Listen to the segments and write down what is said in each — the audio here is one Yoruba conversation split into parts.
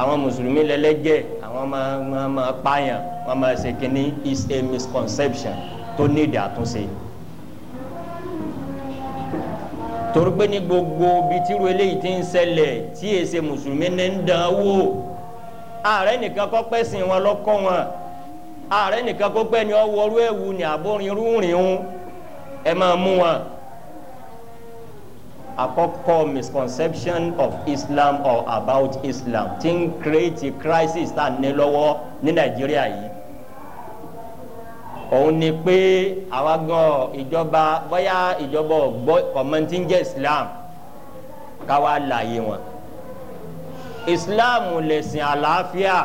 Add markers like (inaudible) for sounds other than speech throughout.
àwọn mùsùlùmí lẹ́lẹ́jẹ̀ àwọn máa máa pààyàn wọ́n máa ṣe kínní is a misconception tó ní ìdí àtúnṣe. torí pé ní gbogbo bíi tíru eléyìí ti ń ṣẹlẹ̀ tí èsè mùsùlùmí ní ń dán wò ààrẹ nìkan kọ́ pẹ́ sìn wọn lọ́kọ́ wọn ààrẹ nìkan kọ́ pẹ́ ni ọwọ́ ọrú ẹ̀wù ni àbórin rúrin ń ẹ máa mú wọn àkọ́kọ́ misconception of Islam or about Islam ti ń create crisis tá a ní lọ́wọ́ ní Nàìjíríà yìí òun ni pé àwa gan ìjọba bóyá ìjọba ọgbọ́ ọmọ ń jẹ́ Islam káwa láàyè wọn Islam lẹ̀sìn àlàáfíà.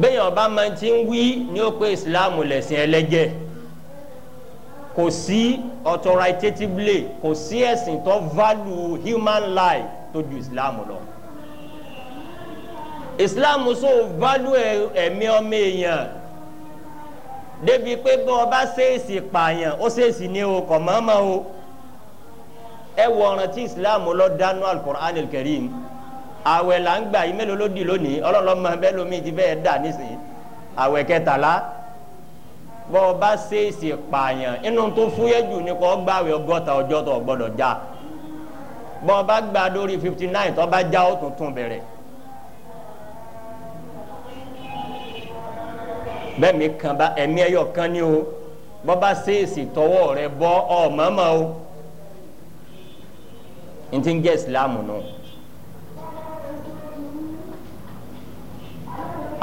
béèyàn bá máa ti ń wí ní ó pé ìsìláàmù lẹ̀sìn ẹlẹ́jẹ̀ kò sí authoritatively kò sí ẹ̀sìn tó value human life tó ju islam lọ islam so value ẹ̀mí ọmọ èèyàn débi pé bí wọn bá ṣèèṣì pààyàn ó ṣèèṣì ní o kò mọ́mọ́ o ẹ wọ ọ̀ràn tí islam lọ dánú al-Qur'an al-Karim àwẹ̀ là ń gbà yìí mélòó ló dì lónìí ọlọ́lọ́mọ bẹ́ẹ̀ lómi ti bẹ́ẹ̀ dà nísìnyí àwẹ̀ kẹtàlá bọ́ ọ bá ṣèèṣì pààyàn inú tó fúyẹ́ jù ní kọ́ gbàwé ọgọ́ta ọjọ́ tó gbọ́dọ̀ já bọ́ ọ bá gbà lórí fifty nine tó bá já ó tuntun bẹ̀rẹ̀. bẹ́ẹ̀ mi kan bá ẹ̀mí ẹ̀yọ̀ kan ní o bọ́ bá ṣèèṣì tọwọ́ rẹ bọ́ ọ mọ̀ọ́mọ̀ o n ti ń jẹ́ ìsìlámù náà.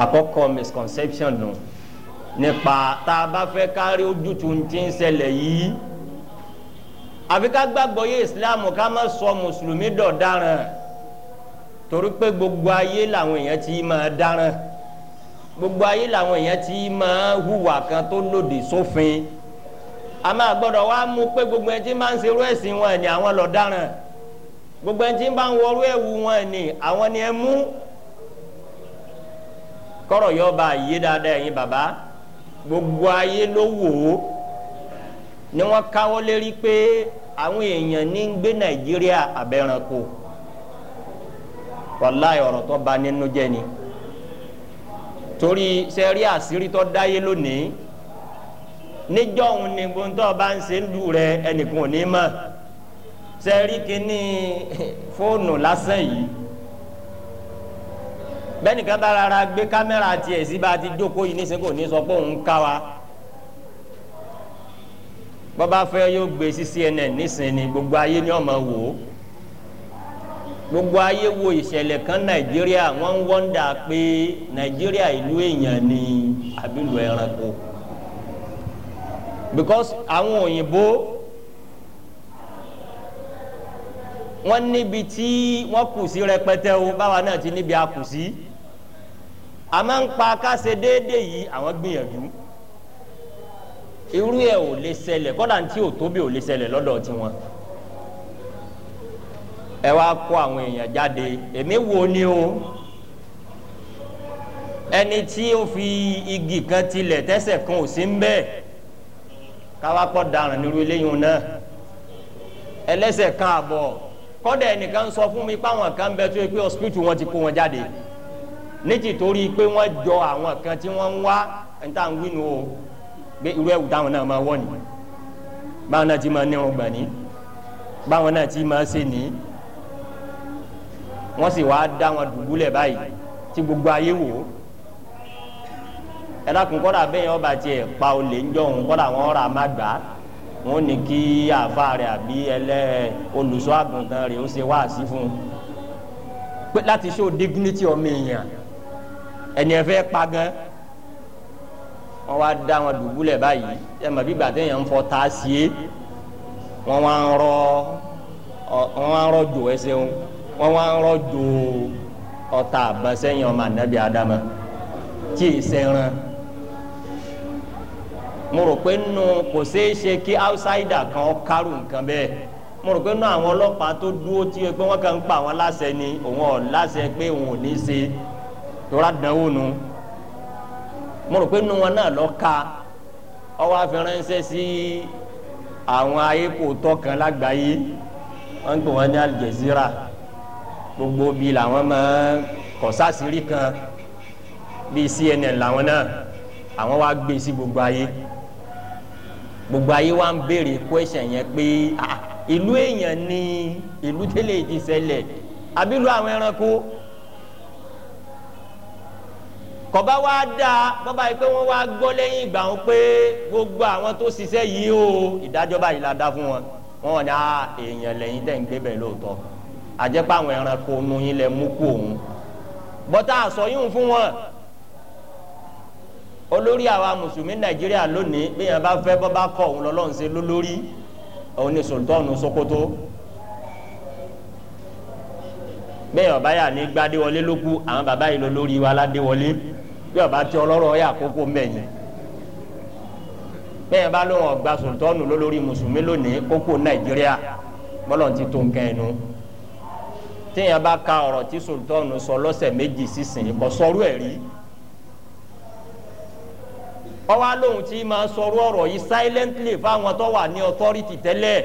àkọ́kọ́ misconception nù. No nípa tá a bá fẹ́ kárí ojútùú ti ń ṣẹlẹ̀ yìí àfi ká gbàgbọ́ yé islam ká má sọ mùsùlùmí dọ̀daràn torí pé gbogbo ayé làwọn èèyàn ti máa dáràn gbogbo ayé làwọn èèyàn ti máa hùwà kan tó lòdì sófin a máa gbọ́dọ̀ wá mú pé gbogbo ẹni tí máa ń serú ẹ̀sìn wọn ni àwọn lọ dáràn gbogbo ẹni tí ń ń wọrú ẹ̀wù wọn ni àwọn ni ẹ mú kọ́rọ̀ yọba yé dáadáa ẹ̀yin bàbá gbogbo ayé ló wò ó ni wọ́n káwọ́ lérí pé àwọn èèyàn ní ń gbé nàìjíríà abẹ́ranko wàláì ọ̀rọ̀ tó ba nínú jẹ́ ni torí sẹ́rí àṣírí tó dáyé lónìí níjọ́ òun ni gbóńtọ́ bá ń ṣe ń lù rẹ ẹnìkan ò ní mọ̀ sẹ́rí kínní fóònù lásán yìí bẹ́ẹ̀ni kan bá rárá gbé kámẹ́rà tiẹ̀ sí bá ti jókòó yìí nísìnyí kò ní sọ pé òun ká wa bọ́bá fẹ́ yóò gbé sí CNN nísìnyí gbogbo ayé ni ọmọ wò ó gbogbo ayé wo ìṣẹ̀lẹ̀ kan nàìjíríà wọ́n ń wọ́ndà pé nàìjíríà ìlú èèyàn ni àbílù ẹranko because àwọn òyìnbó. wọ́n níbi tí wọ́n kù sí rẹpẹtẹ o báwa náà ti níbi akù sí àmọ́ ń pa káṣe déédéé yìí àwọn gbìyànjú irú ẹ̀ ò lè ṣẹlẹ̀ kọ́dà tí ò tóbi ò lè ṣẹlẹ̀ lọ́dọ̀ tiwọn ẹ wá kó àwọn èèyàn jáde èmi wo ni o ẹni tí ó fi igi kan tilẹ̀ tẹ́sẹ̀ kan ò sí ń bẹ́ẹ̀ káwá pọ̀ daràn nírú eléyìí náà ẹlẹ́sẹ̀ kan àbọ̀ kọ́dà ẹnìkan sọ fún mi páwọn kan bẹ tó yẹ pé hospital wọn ti kó wọn jáde níjì torí pé wọ́n jọ àwọn kan tí wọ́n wá ń tà o pé irú ẹ̀wù táwọn náà máa wọ̀ ni báwọn náà ti máa nírun gbà ní báwọn náà ti máa ṣe ní wọ́n sì wáá dá wọn dùbúlẹ̀ báyìí tí gbogbo ayé wò ó kọ́dà bẹ́ẹ̀ ọba tiẹ̀ pa olè ń jọ òun kọ́dà wọn wọn ní kí àfa rẹ̀ àbí ẹlẹ́ olùṣọ́ àgùntàn rẹ̀ ó ṣe wáàsí fún un pé láti show dignity ọmọ èèyàn ẹni ẹ fẹ́ pa gan wọn wá dá wọn dùbúlẹ̀ báyìí ẹ mọ̀ bí gbàtẹ́yìn ń fọ tá a sí é wọn wá ń rọ wọn wá ń rọjò ẹsẹ wọn wọn wá ń rọjò ọta àbọ̀sẹ́yìn ọmọ ànábì ádámà tí ì sẹ́ran mo rò pé nù kò ṣeé ṣe kí outsider kan kárù nǹkan bẹ́ẹ̀ mo rò pé nù àwọn ọlọ́pàá tó dúró tí pé wọ́n kàn ń pa àwọn láṣẹ ni òun ọ̀ láṣẹ pé òun ò ní ṣe tóra dánwò nu mo rò pé nù wọn náà lọ ka ọwọ́ afẹ́ránṣẹ́ sí àwọn ayépo tọkàn lágbàáyé wọ́n ń pè wọ́n ní Al Jazeera gbogbo bíi làwọn máa kọ̀sáàsì rí kan bíi CNN làwọn náà àwọn wá gbé sí gbogbo ayé gbogbo ayé wa ń béèrè question yẹn pé ah, ìlú èèyàn ni ìlú tẹ́lẹ̀ ti ṣẹlẹ̀ àbílù àwọn ẹranko kọba wa da bọba yìí pé wọn wá gbọ́ lẹ́yìn ìgbà wọn pé gbogbo àwọn tó ṣiṣẹ́ yìí o ìdájọ́ báyìí la dá fún wọn wọn wọn ni ah, èèyàn lẹ́yìn tẹ̀ ń gbé bẹ̀ lóòótọ́ àjẹpá àwọn ẹranko nu yín lẹ mú kú òun bọ́tà àsọyún fún wọn olórí àwa mùsùlùmí nàìjíríà lónìí bí yẹn bá fẹ́ bọ́ bá kọ̀ òun lọ́lọ́run ṣe lólórí òun ni sultanu sokoto bẹ́ẹ̀ ọba yà ní gbadéwọlé ló kú àwọn bàbá yìí lọ lórí wa ládéwọlé bí ọba tí ọlọ́rọ̀ yà kókó mẹ́yìn bẹ́ẹ̀ bá lóun ọgbà sultanu lólórí mùsùlùmí lónìí kókó nàìjíríà bọ́lọ̀ ti tó nǹkan ẹnu téèyàn bá ka ọ̀rọ̀ tí sultanu sọ lọ́sẹ̀ méjì sísìn kò sọ́rú ẹ̀ rí. ọwọ́ alóhùn tí máa sọ̀rọ̀ ọ̀rọ̀ yìí silently fáwọn tó wà ní authority tẹ́lẹ̀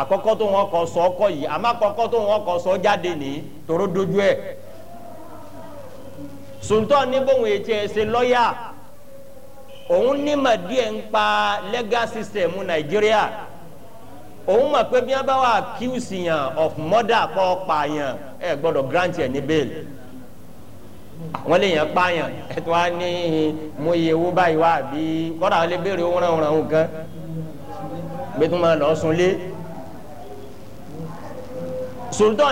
àkọ́kọ́ tó wọn kọ sọ ọkọ yìí àmọ́ àkọ́kọ́ tó wọn sọ jáde ní tòró dojú ẹ̀ sùntọ́ ní ètí ẹ̀ ṣe òun nímọ̀ díẹ̀ ń pa legal system nàìjíríà òun mọ̀ pé bí wọ́n bá wà accuse of murder pààyàn grant ẹ̀ ní wọn lè yàn pààyàn ẹtù wa ní mo yẹ owó báyìí wá àbí kọ́dà wọn lè béèrè owó ràn ràn gan gbẹtù máa lọ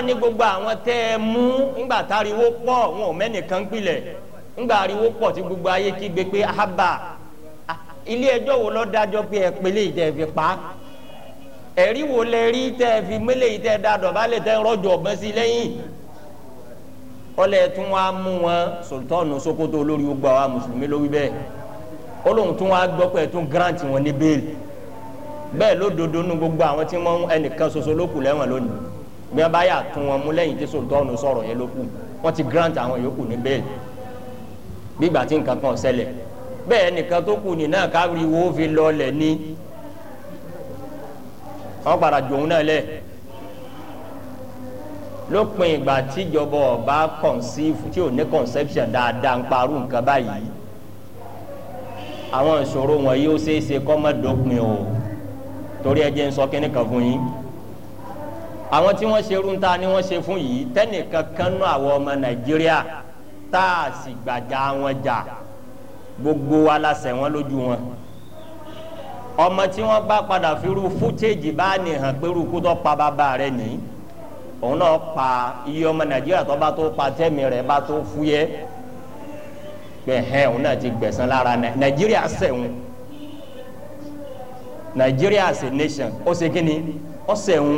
ní gbogbo àwọn tẹ ẹ mú ńgbà wọn ò mẹ́nìkan pilẹ̀ ńgbà pọ̀ gbogbo ayé pé ahaba ilé ẹjọ́ wo dájọ́ pé ẹ fi pa ẹ̀rí wo tẹ́ ẹ fi tẹ́ ẹ dá tẹ́ rọ́jò ọlẹ́ tún wá mú wọn sọ̀tọ́ọ̀nù sokoto olórí gbogbo àwa mùsùlùmí lórí bẹ́ẹ̀ olóhùn tún wá gbọ́ pé tún grant wọn ní bẹ́ẹ̀lì bẹ́ẹ̀ lódodo nu gbogbo àwọn tí wọ́n ẹnìkan ṣoṣo ló kù lẹ́wọ̀n lónìí bí wọ́n bá yà tún wọn mú lẹ́yìn tí sọ̀tọ́ọ̀nù sọ̀rọ̀ yẹn ló kù wọ́n ti grant àwọn yòókù ní bẹ́ẹ̀lì bí ìgbà tí nǹkan kan ṣẹlẹ̀ bẹ́ẹ̀ nìkan tó kù nínú àkáwìrì wo fi lọ lẹ̀ ní wọ́n padà jòun náà lẹ́ẹ̀ lópin ìgbà tíjọba ọba conceive tí ò ní conception dáadáa ń parú nǹkan báyìí àwọn ìṣòro wọ̀nyí ó ṣeé ṣe kọ́ mọ́ dópin o torí ẹ jẹ́ ń sọ kínní kan fún yín àwọn tí wọ́n ṣe rúńta ni wọ́n ṣe fún yìí tẹ́nìkan kan àwọn ọmọ nàìjíríà tá a sì gbàjà wọn jà gbogbo wa la ṣẹ̀ wọ́n lójú wọn ọmọ tí wọ́n bá padà fi rú fútéèjì bá nìhàn pé rúkú tó pa bàbá rẹ̀ nìyí òun náà pa iye ọmọ nàìjíríà tó bá tó pa tẹ́mi rẹ̀ bá tó fúyẹ́ gbẹ̀hẹ́ òun náà ti gbẹ̀san lára nàìjíríà sẹ̀wọ̀n nàìjíríà as a nation ó ṣe kí ni ó sẹ̀wọ̀n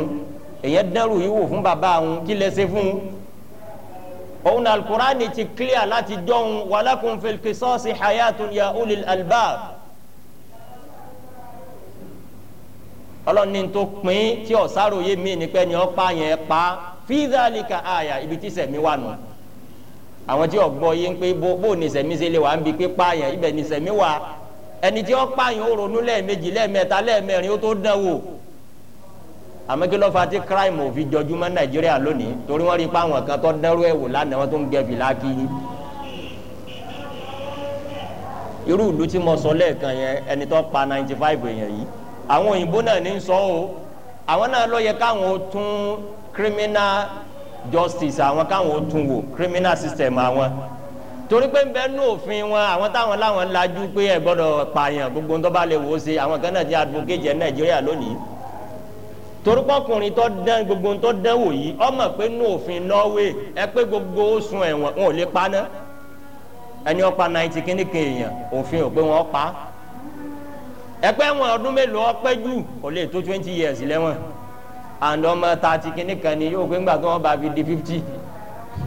èyàn dẹ́rù yìí wò fún bàbá òun kí lè ṣe fún un òun Al-Qur'ani ti clear láti dọ́hun walakum fil qisasi hayatun ya ulil albab. ọlọ́ni tó pín tí ọ̀sáròye mi nípẹ́ ni ọ̀pá yẹn pa fíìdálíkà àyà ibi tí sẹ̀mí wà nù. àwọn tí ọ̀gbọ́ yé ń pé bó ní sẹ̀mí ṣe lè wà ń bi pé pààyàn ibẹ̀ ní sẹ̀mí wà ẹni tí ọ̀pá yẹn ó ronú lẹ́ẹ̀mejì lẹ́ẹ̀mẹ́ta lẹ́ẹ̀mẹ́rin ó tó dán wò. àmọ́ kí ló fà tí crime ò fi jọjúmọ́ nàìjíríà lónìí torí wọ́n rí i pé àwọn kan tó dánrú ẹ̀ wò lánàá wọn tó ń gẹ fìlà kí irú ìlú tí mo sọ lẹ́ẹ̀kan yẹn ẹni tó pa ninety five èèyàn yìí àwọn òyìnbó náà ní sọ o àwọn náà ló yẹ káwọn ó tún criminal justice àwọn káwọn ó tún wò criminal system àwọn torí pé nbẹ nú òfin wọn àwọn táwọn láwọn lajú pé ẹ gbọ́dọ̀ pààyàn gbogbo ń tó bá lè wò ó ṣe àwọn kan náà ti advocate ẹ nàìjíríà lónìí torí pọkùnrin tó dán gbogbo ń tó dán wò yìí ọmọ pé nú òfin Norway ẹ pé gbogbo oṣù ẹ̀wọ̀n wọn ò lè pa ná ẹni ọpa náà ti kíní èèyàn òfin ò pé wọn pa á ẹgbẹ́ wọn ọdún mélòó ọpẹ́ jù kò lè tó twenty years lẹ́wọ̀n and ọmọ tààtì kìíní kan ni yóò gbé ńgbà tó wọn bá fi di fifty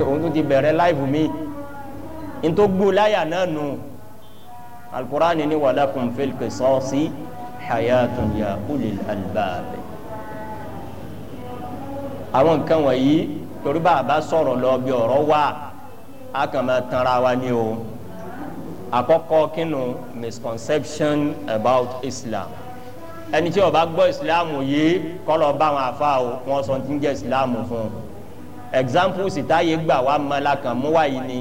òun tó ti bẹ̀rẹ̀ láìfù mi ntògbó láyà náà nù alukur'an ni walakum fil qisasi hayatun ya ulil albab àwọn nǹkan wọ̀nyí torí bá a bá sọ̀rọ̀ lọ bí ọ̀rọ̀ wà á kàn máa tanra wa ni o àkọ́kọ́ kínú misconception about islam ẹni tí ó bá gbọ́ islam yìí kọlọ bá wọn afa o wọn sọ ti ń jẹ islam fún un examples ìtàyè gbà wá malakan mú wáyé ni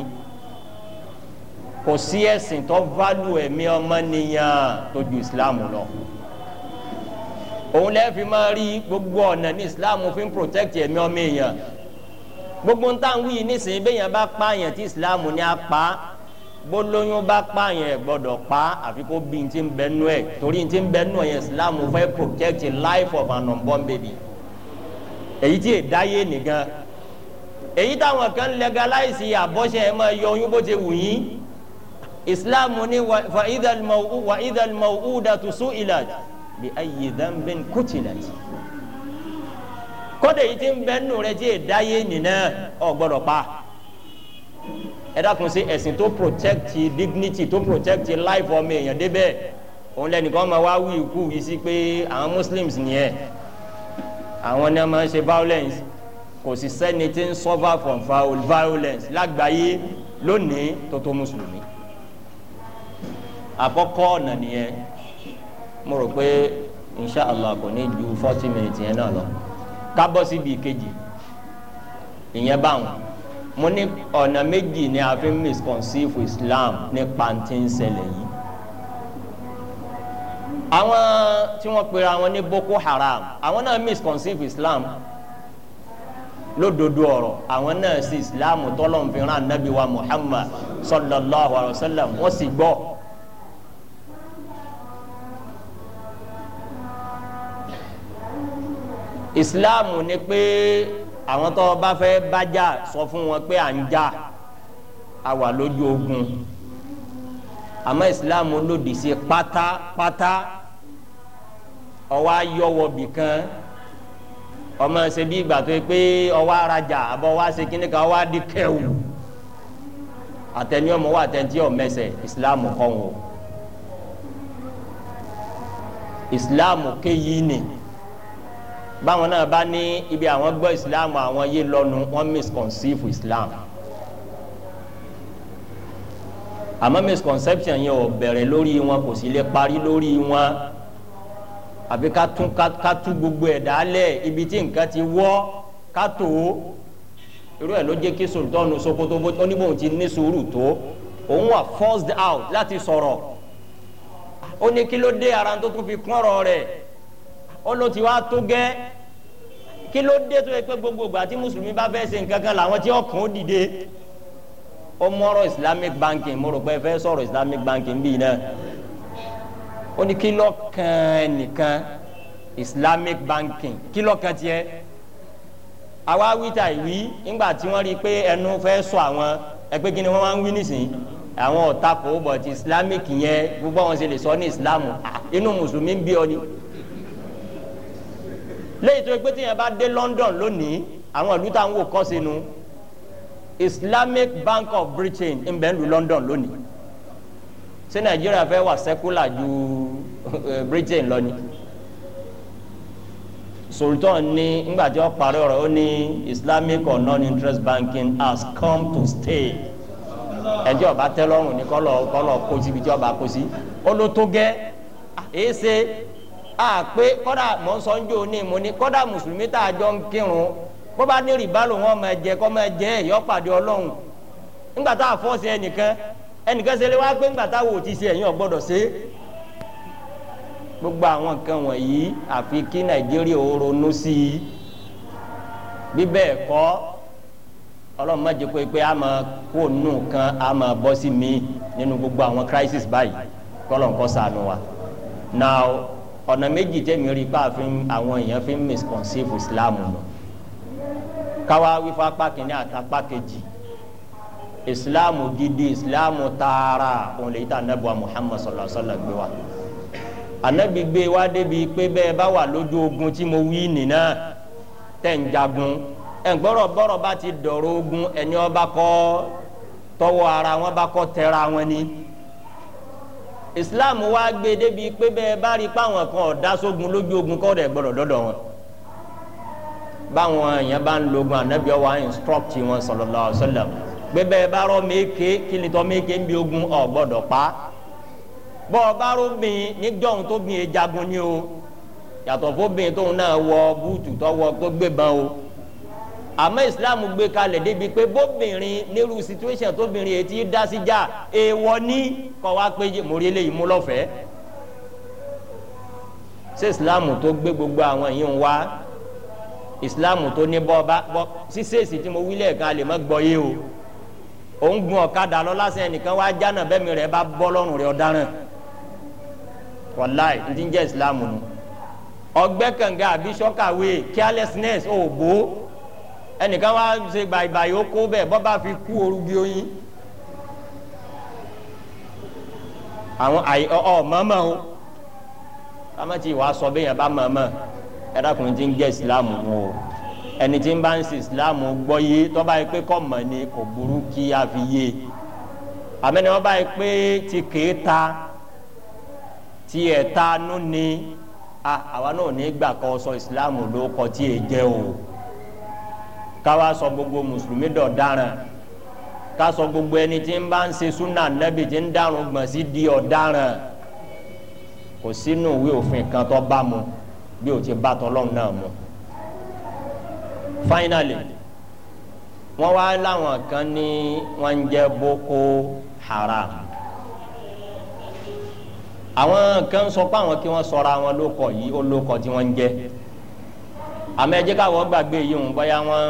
kò sí ẹ̀sìn tó value ẹ̀mí ọmọnìyàn tó ju islam lọ òun lẹ́ẹ̀ fi máa rí gbogbo ọ̀nà ní islam fi ń protect ẹ̀mí ọmọ èèyàn gbogbo ń tàn wí nísìnyí bẹ́ẹ̀ yẹn bá pààyàn tí islam ní apá bólóyún bá pààyàn ẹ gbọ́dọ̀ pa àfi kó bí n ti bẹ nú ẹ torí n ti bẹ nú ẹ Islam fẹ́ protect the life of an unborn baby èyí tí èdá yé nìkan èyí táwọn kan legalize àbọ̀ṣẹ ẹ máa yọ oyún bó ti wù yín Islam ní wa idhal maw'u wa idhal maw'udatu su'ilat bi ayyi dhanbin qutilat kódà èyí ti ń bẹ nú rẹ tí èdá yé nìkan ọ gbọ́dọ̀ pa ẹ dákun sí ẹ̀sìn tó protect dignity tó protect life ọmọ èèyàn débẹ̀ òun lẹ́nìkan máa wá wí ikú yìí sí pé àwọn muslims nìyẹn àwọn náà máa ń ṣe violence kò sì sẹ́ni tí ń suffer from violence lágbàáyé lónìí tó tó mùsùlùmí àkọ́kọ́ ọ̀nà nìyẹn mo rò pé inshàlá kò ní ju forty minutes yẹn náà lọ ká bọ́ síbi ìkejì ìyẹn báwọn mo ní ọ̀nà méjì ni a fi ń misconceive Islam nípa tí ń ṣẹlẹ̀ yìí àwọn tí wọ́n pera wọn ní Boko Haram àwọn náà misconceive Islam lódodo ọ̀rọ̀ àwọn náà sí Islam tọ́lọ́mùfínra nabi wa Muhammad sallallahu alayhi wa sallam wọ́n sì gbọ́. Islam ni pé. Pe àwọn tó bá fẹ́ bájà sọ fún wọn pé à ń jà a wà lójú ogun àmọ́ islam lòdì sí pátápátá ọwọ́ ayọ́wọ́ bìkan ọmọ ṣe bí ìgbà tó yẹ pé ọwọ́ arajà àbọ̀ wá ṣe kíní kan ọwọ́ adi kẹwù àtẹni ọmọ wa àtẹntí ọmẹsẹ islam kọ́ wọn islam kéyìí nìyí báwọn náà bá ní ibi àwọn gbọ́ islam àwọn yé lọ́nu wọ́n misconceive islam àmọ́ misconception yẹn ò bẹ̀rẹ̀ lórí wọn kò sì lè parí lórí wọn àbí ká tún ká tún gbogbo ẹ̀ dálẹ̀ ibi tí nǹkan ti wọ́ ká tó irú ẹ̀ ló jẹ́ kí sultanu sokoto oníbòun ti ní sùúrù tó òun wà forced out láti sọ̀rọ̀ ó ní kí ló dé ara tó tún fi kún ọ̀rọ̀ rẹ̀ ó ló ti wá tó gẹ́ kí ló dé tó yẹ pé gbogbo ìgbà tí mùsùlùmí bá fẹ́ ṣe nǹkan kan làwọn tí ọkàn ó dìde ó mọ̀rọ̀ islamic banking mo rò pé ẹ fẹ́ sọ̀rọ̀ islamic banking bíi náà ó ní kí ló nìkan islamic banking kí ló kàn tiẹ̀ àwa wíta ìwí ńgbà tí wọ́n rí i pé ẹnu fẹ́ sọ àwọn ẹgbẹ́ kí ni wọ́n máa ń wí nísìnyí àwọn ọ̀tá kò bọ̀ ti islamic yẹn gbogbo àwọn ṣe lè sọ ní islam ah, inú mùsùlùmí ń bí ọ ni lẹ́yìn tó yẹ pé téèyàn bá dé London lónìí àwọn ìlú táwọn wò kọ́ sínú Islamic Bank of Britain ń bẹ lu London lónìí ṣé Nàìjíríà fẹ́ wà secular ju eh, Britain lọ ni Sultan ní ńgbà tí wọ́n parí ọ̀rọ̀ ó ní Islamic or non-interest banking has come to stay ẹjọ́ ọba tẹ́lọ́rùn ní kọ́lọ̀ kọ́lọ̀ kó síbi tí ọba kó sí ó ló tó gẹ́ ah, èé ṣe. a pe kọ́dà mọ̀ ń sọ ń jò ní mo ní kọ́dà mùsùlùmí tá a jọ ń kírun bó bá ní rìbá lòun ọmọ ẹ kọ́ ọmọ ẹ jẹ pàdé ọlọ́run ńgbà tá a fọ́ sí ẹnìkan ẹnìkan ṣe lé wá a wò gbogbo àwọn wọ̀nyí àfi kí nàìjíríà ó ronú sí i bí bẹ́ẹ̀ kọ́ ọlọ́run pé pé a máa kó nù kan a máa mi nínú gbogbo àwọn crisis báyìí ọ̀nà méjì tẹ̀mí rí pa àwọn èèyàn fi ń misconceive islam nù káwá wífọ́ apá kìíní àtàpá kejì islam gidi islam tààrà òun lè ta anabi wa muhammad sallallahu alaihi wa sallam gbé wa anabi gbé wa débi pé bẹ́ẹ̀ bá wà lójú ogun tí mo wí nìna tẹ̀ ń jagun ẹ̀gbọ́rọ̀ bọ́rọ̀ bá ti dọ̀rọ̀ ogun ẹni ọba kọ́ tọwọ́ ara wọn bá kọ́ tẹ̀ra wọn ni islam wa gbé débi pé bẹ́ẹ̀ bá rí páwọn kan ọ̀dá sógun lójú ogun kọ́ rẹ̀ gbọ́dọ̀ dọ́dọ̀ wọn báwọn èèyàn bá ń logun anabi ọwọ́ à instruct wọn sallallahu alaihi wasallam pé bẹ́ẹ̀ bá rọ méke kí ni tọ́ méke ń bi ogun ọ̀ gbọ́dọ̀ pa bọ́ ọ bá rọ bìn níjọ́ òun tó bìn e jagun ni o yàtọ̀ fún bìn tóun náà wọ búùtù tó wọ tó gbé o àmọ́ islam gbé kalẹ̀ débi pé bóbìnrin nírú situation tóbìnrin etí dá sí já èèwọ̀ ní kọ́ wá pé mórí eléyìí mú lọ́fẹ̀ẹ́ ṣé islam tó gbé gbogbo àwọn yìí ń wá islam tó ní bọ́ọ̀bá bọ́ ṣíṣèṣì tí mo wí lẹ́ẹ̀kan lè má gbọ́ yé o òun gun ọ̀kadà lọ lásán ẹnìkan wá jánà bẹ́ẹ̀ mi rẹ̀ bá bọ́ lọ́rùn rẹ̀ ọ̀daràn wàláì ní islam nù ọgbẹ́ kànga àbí sọ́kàwé carelessness òbó. Oh, ẹnìkan wá ṣe gbàgbà yóò kó bẹ́ẹ̀ bọ́ bá fi kú orúgbí oyin àwọn àyè ọ mọ̀ọ́mọ̀ o kámá tí wàá sọ bẹ́ẹ̀ yẹn bá mọ̀ọ́mọ̀ ẹ dákun ti ń jẹ́ ìsìláàmù wọn o ẹni tí ń bá ń ṣe ìsìláàmù gbọ́ yé tọ́ba yìí pé kọ́ mọ̀ ni kò burú kí a fi yé e. àmẹ́ni wọ́n báyìí pé ti kéé ta ti ẹ̀ ta nú ni àwa náà ní gbà kọ́ sọ ìsìláàmù ló tí èé jẹ́ o. káwa sọ gbogbo mùsùlùmí dọ̀ ka ká sọ gbogbo ẹni tí ń bá ń ṣe súnà nẹ́bì tí ń dárun gbọ̀n sí di ọ̀daràn kò sínú ìwé òfin kan tó bá mu bí o ti bá tọ́lọ́run náà mu. finally wọ́n wá láwọn kan ní wọ́n ń jẹ́ boko haram àwọn kan sọ pé àwọn kí wọ́n sọra wọn lóko yìí ó lóko tí wọ́n ń jẹ́. àmọ́ ẹ jẹ́ káwọn gbàgbé yìí ń bóyá wọ́n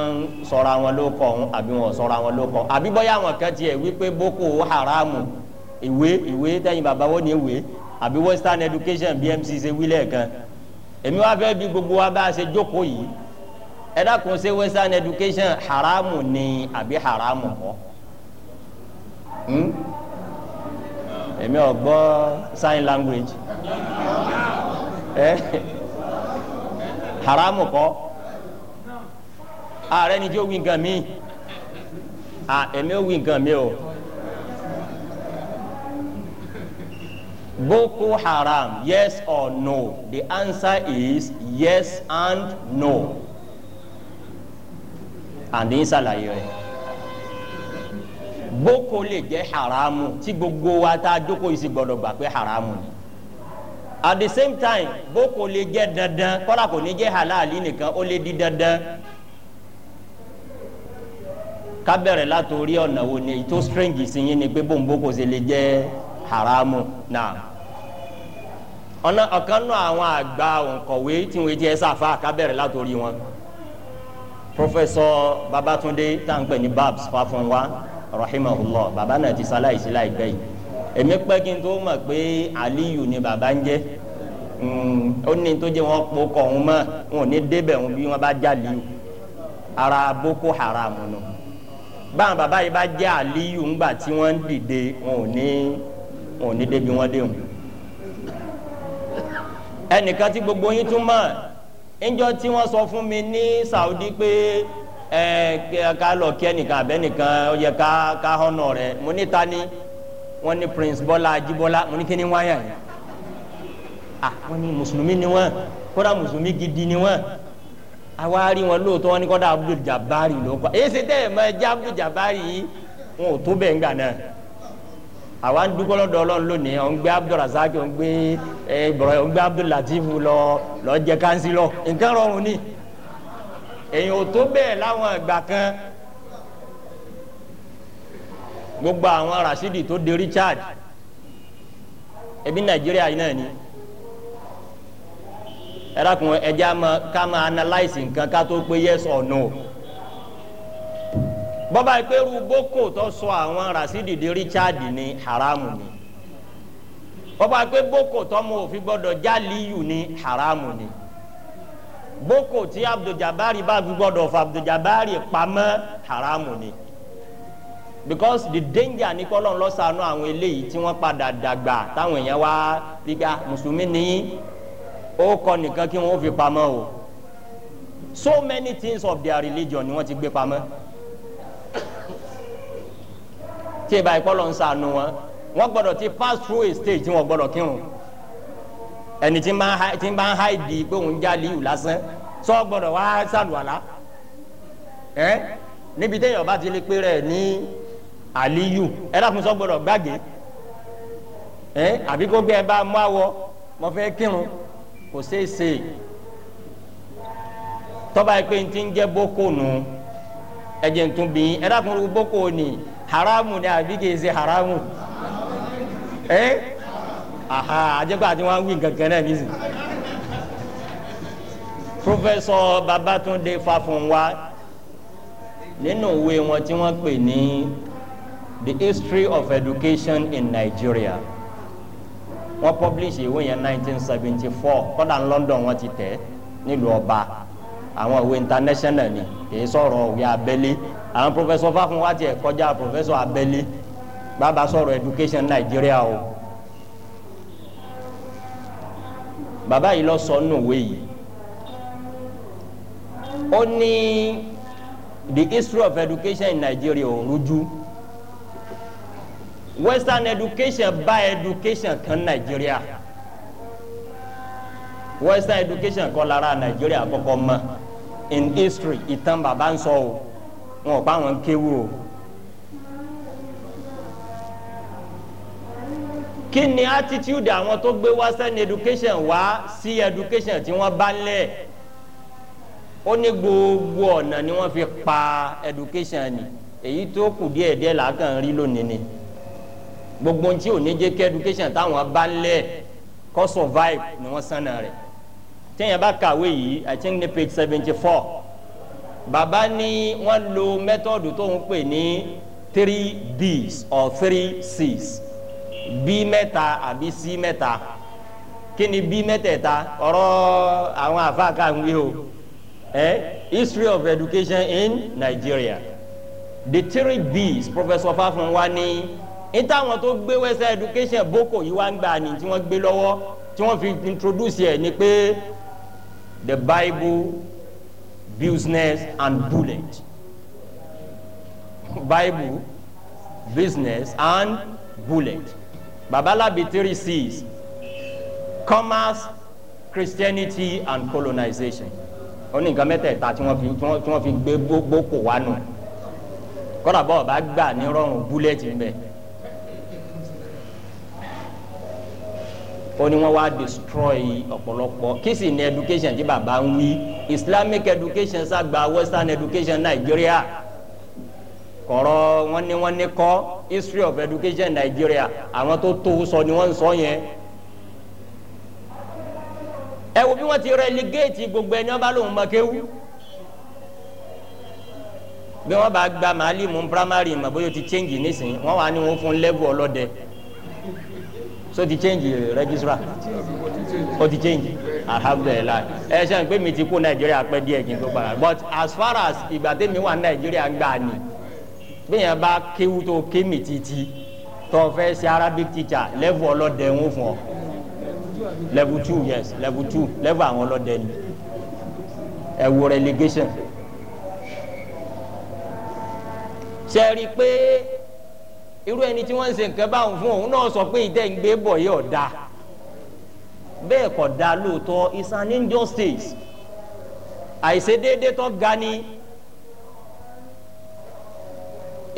sọra wọn ló kọ ọ̀hún àbí wọ́n sọra wọn ló kọ àbí bóyá wọn kàn tiẹ̀ wípé boko haramu ìwé ìwé tẹ̀yìn bàbá wọn ni ìwé àbí western education BMC ṣe wílẹ̀ kan èmi wá fẹ́ bí gbogbo wa bá a ṣe jókòó yìí ẹ dákun ṣe western education haramu ni àbí haramu kọ́ hmm? èmi ò gbọ́ sign language. (laughs) Eh? haramu kọ́ ààrẹ ni tí ó wí nǹkan mi à èmi ó wí nǹkan mi o Boko Haram yes or no the answer is yes and no And ń ṣàlàyé rẹ̀ boko lè jẹ́ haramu tí gbogbo wa tá a jókòó yìí sì gbọ́dọ̀ gbà pé haramu ni at the same time bó kò lè jẹ́ dandan kọ́lá kò ní jẹ́ halali nìkan ó lè di dandan kábẹ̀rẹ̀ látòrí ọ̀nà wo ni tó strange sí yín ni pé bóńbó kò sì lè jẹ́ haramu náà ọ̀nà ọ̀kan náà àwọn àgbà òǹkọ̀wé tí wọ́n ti ẹ̀ sàfà kábẹ̀rẹ̀ látòrí wọn pọfẹsọ Babatunde tá à ń pè ní Babs Fáfúnwá rahimahullah baba náà ti sáláìsí láìpẹ́ yìí èmi pẹ́ kí n tó mọ̀ pé aliyu ni bàbá ń jẹ́ hmm, ó ní tó jẹ́ wọn kó kọ̀ ọ́n mọ́ wọn ò ní débẹ̀ wọn bí wọ́n bá jẹ́ aliyu ara boko haram nù báwọn bàbá yìí bá jẹ́ aliyu ńgbà tí wọ́n ń dìde wọn ò ní wọn ò ní débi wọn dé wọn. ẹnìkan tí gbogbo yín tún mọ̀ ńjọ́ tí wọ́n sọ fún mi ní Saudi pé ẹ ká lọ kí ẹnìkan abẹ́nìkan ó yẹ ká ká họ́nà rẹ̀ mo níta ni. tani wọ́n ní prince bọ́lá ajíbọ́lá mo ní kí ni wáyà yìí ah wọ́n ní mùsùlùmí ni wọ́n kódà mùsùlùmí gidi ni wọ́n àwa rí wọn lóòótọ́ wọn ní kódà abdul jabari ló pa èyí ṣe tẹ́ ẹ̀ mọ́ ẹja abdul jabari yìí wọn ò tó bẹ́ẹ̀ ńgbà náà àwa ń dúpọ́ lọ́dọ̀ lónìí ọ̀ ń gbé abdul razak ọ̀ ń gbé ibrahim ọ̀ ń gbé abdul latif lọ lọ́ọ́ jẹ kánsílọ̀ nǹkan rọrùn ni èyí ò tó bẹ́ẹ̀ láwọn ìgbà kan gbogbo àwọn rasidi tó de richard ebi nàìjíríà yìí náà ni ẹ̀rọ̀kùn ẹja ká máa analyse nǹkan ká tó pé yes or no bọ́bá ìpẹ́rù boko tó sọ àwọn rasidi de richard ni haramu ni bọ́bá ìpẹ́ boko tó mọ òfin gbọ́dọ̀ jálíyù ni haramu ni boko tí abdul jabari bá gbọ́dọ̀ fún abdul jabari pamọ́ haramu ni because the danger ni kọ́ lọ́n lọ́ sànú àwọn eléyìí tí wọ́n padà dàgbà táwọn èèyàn wá gbígbà ah, mùsùlùmí ní ó kọ́ nìkan kí wọ́n fi pamọ́ o so many things of their religion ni wọ́n ti gbé pamọ́ tí ìbá ikọ́ lọ́n sànú wọn wọ́n gbọ́dọ̀ ti pass through a stage tí wọ́n gbọ́dọ̀ kírun ẹni tí ń bá ń háìdì pé òun jáde ìhù lásán sọ gbọ́dọ̀ wá sàlùwàlá ẹ níbi téèyàn bá ti lè pé rẹ̀ ní. aliyu ẹ dákun sọ gbọdọ gbàgé ẹ àbí kó gbé ẹ bá mú àwọ mo fẹ kírun kò ṣeé ṣe tọ́ba yìí pé n ti ń jẹ́ boko nù ẹ̀jẹ̀ tún bí ẹ dákun rú boko ni haramu ni àbí kì í ṣe haramu ẹ aha àjẹpẹ́ àti wọn wí kankan náà nísìn pọfẹsọ Babatunde Fafunwa nínú òwe wọn tí wọn pè ní the history of education in Nigeria wọ́n publish ìwé yẹn 1974 kọ́dà London wọ́n ti tẹ̀ nílùú ọba àwọn ìwé international ni kìí sọ̀rọ̀ ìwé abẹ́lé àwọn professor fáfún wa tiẹ̀ kọjá professor abẹ́lé bàbá sọ̀rọ̀ education Nigeria o bàbá yìí lọ sọ nù ìwé yìí ó ní the history of education in Nigeria ò rújú western education bá education kan Nigeria. western education kọ́ lára nàìjíríà kọ́kọ́ mọ́ in history ìtàn bàbá ń sọ o wọn ò wọn kéwú o. kí ni attitude àwọn tó gbé western education wá sí education tí wọ́n bá lẹ̀ ó ní gbogbo ọ̀nà ni wọ́n fi pa education ni èyí tó kù díẹ̀ díẹ̀ làákàn rí lónìí ni. Education, gbogbo ntí ò ní jẹ́ education táwọn bá ń lẹ̀ survive ni wọ́n sànà rẹ̀ tẹ́yìn bá kàwé yìí i think ní page seventy four bàbá ní wọ́n lo mẹ́tọ́ọ̀dù tó ń pè ní three b's or three c's b mẹ́ta àbí c mẹ́ta kí ni b mẹ́tẹ̀ẹ̀ta ọ̀rọ̀ àwọn àfáàkà ń wí o eh? history of education in Nigeria the three b's professor Fáfúnwá ní níta àwọn tó gbé wẹsẹ education boko yìí wá ń gbà ní tí wọ́n gbé lọ́wọ́ tí wọ́n fi introduce ẹ̀ ni pé the bible business and bullet bible business and bullet babalabi three c's commerce christianity and colonization ó ní nǹkan mẹ́tẹ̀ẹ̀ta tí wọ́n fi tí wọ́n fi gbé gbogbo kò wá nù kọ́dà bọ́ọ̀ bá gbà ní rọrùn búlẹ̀tì ń bẹ́ẹ̀. ó ní wọ́n wá destroy ọ̀pọ̀lọpọ̀ kí sì education tí bàbá ń wí islamic education sàgbà western education nàìjíríà kọ̀rọ̀ wọ́n ní wọ́n ní kọ́ history of education nàìjíríà àwọn tó tó sọ ni wọ́n ń sọ yẹn ẹ wo bí wọ́n ti relegate gbogbo ẹni wọ́n bá lóun mọ kéwú bí wọ́n bá gba màálìmù primary mọ̀ bóyá o ti change nísìnyí wọ́n wà ní wọ́n fún level ọlọ́dẹ so uh, oh, ti change registrar o ti change alhamdulilayi ẹ ṣe ń pè mí ti kó nàìjíríà pẹ́ díẹ̀ kí n tó padà but as far as ìgbà tẹ́mi wà nàìjíríà gbà ni bẹ́ẹ̀ yẹn bá kéwu tó ké mi títí tó fẹ́ ṣe arabic teacher level ọlọ́dẹ ń fún ọ level two yes level two level àwọn ọlọ́dẹ ni ẹ wo relegation ṣe rí i pé irú ẹni tí wọ́n ń ṣe nǹkan báwọn fún òun náà sọ pé ìtẹ́ ń gbé bọ̀ yìí ọ̀dà bẹ́ẹ̀ kọ̀ da lóòótọ́ it's an injustice àìṣedéédé tó ga ni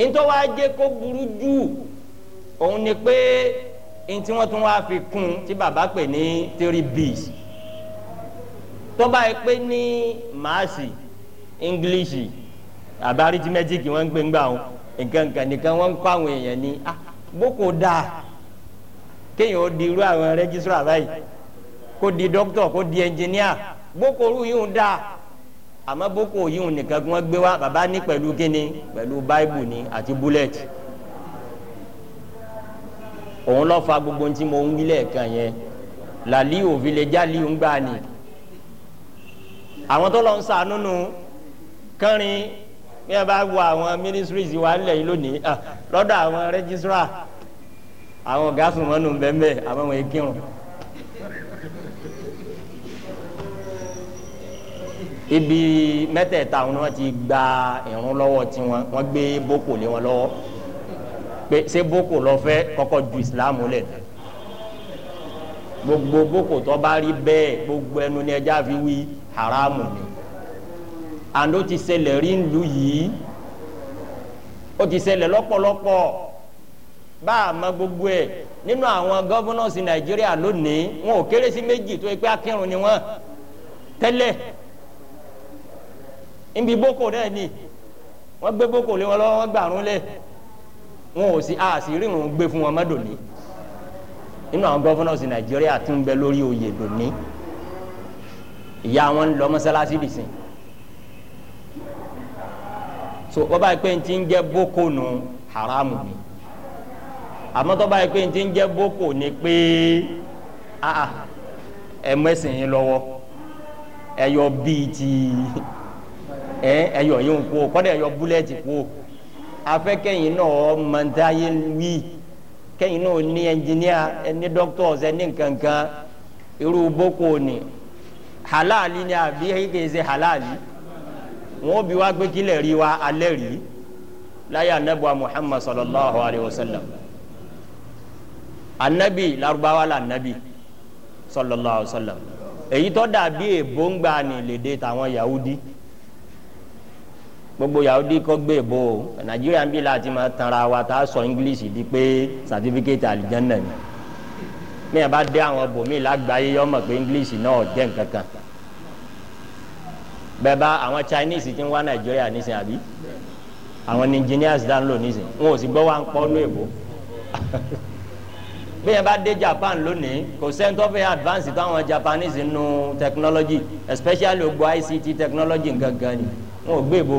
ntọ́wá jẹ́ kó burú jù òun ni pé ntí wọ́n tún wáá fi kún tí bàbá pè ní three b's tọ́ba yìí pé ní màásì english àbá arithmetic wọ́n ń gbé ń gbà wọn nǹkan kan nìkan wọ́n ń kọ́ àwọn èèyàn ní ah boko dáa kéèyàn ó di irú àwọn rẹ́gísírà báyìí kó di dókítà kó di ẹnjìníà boko rú yìí ń dáa àmọ́ boko yìí nìkan wọ́n gbé wá bàbá ní pẹ̀lú kíni pẹ̀lú báìbù ni àti búlẹ̀tì òun lọ fa gbogbo ntí mo ń wí lẹ́ẹ̀kan yẹn làlí òfin lè já lí ń gbà ní àwọn tó lọ ń sànú kẹrin bí wọ́n bá wo àwọn ministries wa ńlẹ̀ yìí lónìí lọ́dọ̀ àwọn registrar àwọn ọ̀gá sùnmọ́nù bẹ́ẹ̀ àwọn ọmọ ìkírun. ibi mẹ́tẹ̀ẹ̀ta wọn ti gba ìrún lọ́wọ́ tiwọn wọ́n gbé boko lé wọn lọ́wọ́ pé ṣé boko lọ fẹ́ kọ́kọ́ ju islam lẹ̀ dùn gbogbo boko tó bá rí bẹ́ẹ̀ gbogbo ẹnu ni ẹja fi wí haramu ni àndó ti ṣẹlẹ̀ rí ìlú yìí ó ti ṣẹlẹ̀ lọ́pọ̀lọpọ̀ bá a mọ gbogbo ẹ̀ nínú àwọn gọ́fúnọ̀sì nàìjíríà lónìí wọn ò kéré sí méjì tó yẹ pé akírun ni wọn tẹ́lẹ̀ níbi boko náà ni wọ́n gbé boko lé wọn lọ́wọ́ wọ́n gbàrún lẹ̀ wọn ò sí àṣírí wọn gbé fún wọn mọ́dòní nínú àwọn gọ́fúnọ̀sì nàìjíríà tún bẹ lórí oyè dòní ìyá wọn lọ mọ́sálásí dìsìn. so bọ́ba yìí pé n ń boko nù haramu ni àmọ́ tọ́ba n ń boko ni pé aa ah, ah, ẹ mẹ́sìn yín lọ́wọ́ ẹ yọ bíi ti ẹ ẹ yọ yín kú o kọ́dọ̀ ẹ yọ búlẹ́ẹ̀tì kú o afẹ́ náà mọ̀ntayé wí kẹ́yìn náà ní ẹnjìníà ẹni dọ́kítọ̀s ẹni boko ni halali ni àbí kìí ṣe halali. wọn bí wá pé kílẹ̀ rí wa alẹ́ rí láyé anabi muhammad sallallahu alayhi wa sallam anabi larubawa la anabi sallallahu alayhi wa sallam èyí tó dàbí èbó ń gbà ní lédè tàwọn yahudi gbogbo yahudi kọ gbé èbó nàìjíríà ń bí láti máa tanra wa tá a sọ ingilisi di pé sàtífíkẹ́tì àlìjánná ni mí ẹ bá dé àwọn bòmí lágbàáyé yọmọ pé ingilisi náà jẹ́ nǹkan kan bẹ́ẹ̀ bá àwọn Chinese ti ń wá Nàìjíríà nísìnyí àbí àwọn engineers dá ń lò nísìnyí wọn ò sì gbọ́ wá ń pọ́ ní èbó (laughs) bí yẹn bá dé Japan lónìí kò sẹ́ńtọ́ fẹ́ advance táwọn Japanese nù technology especially ogbó ICT technology gangan ni wọn ò gbé èbó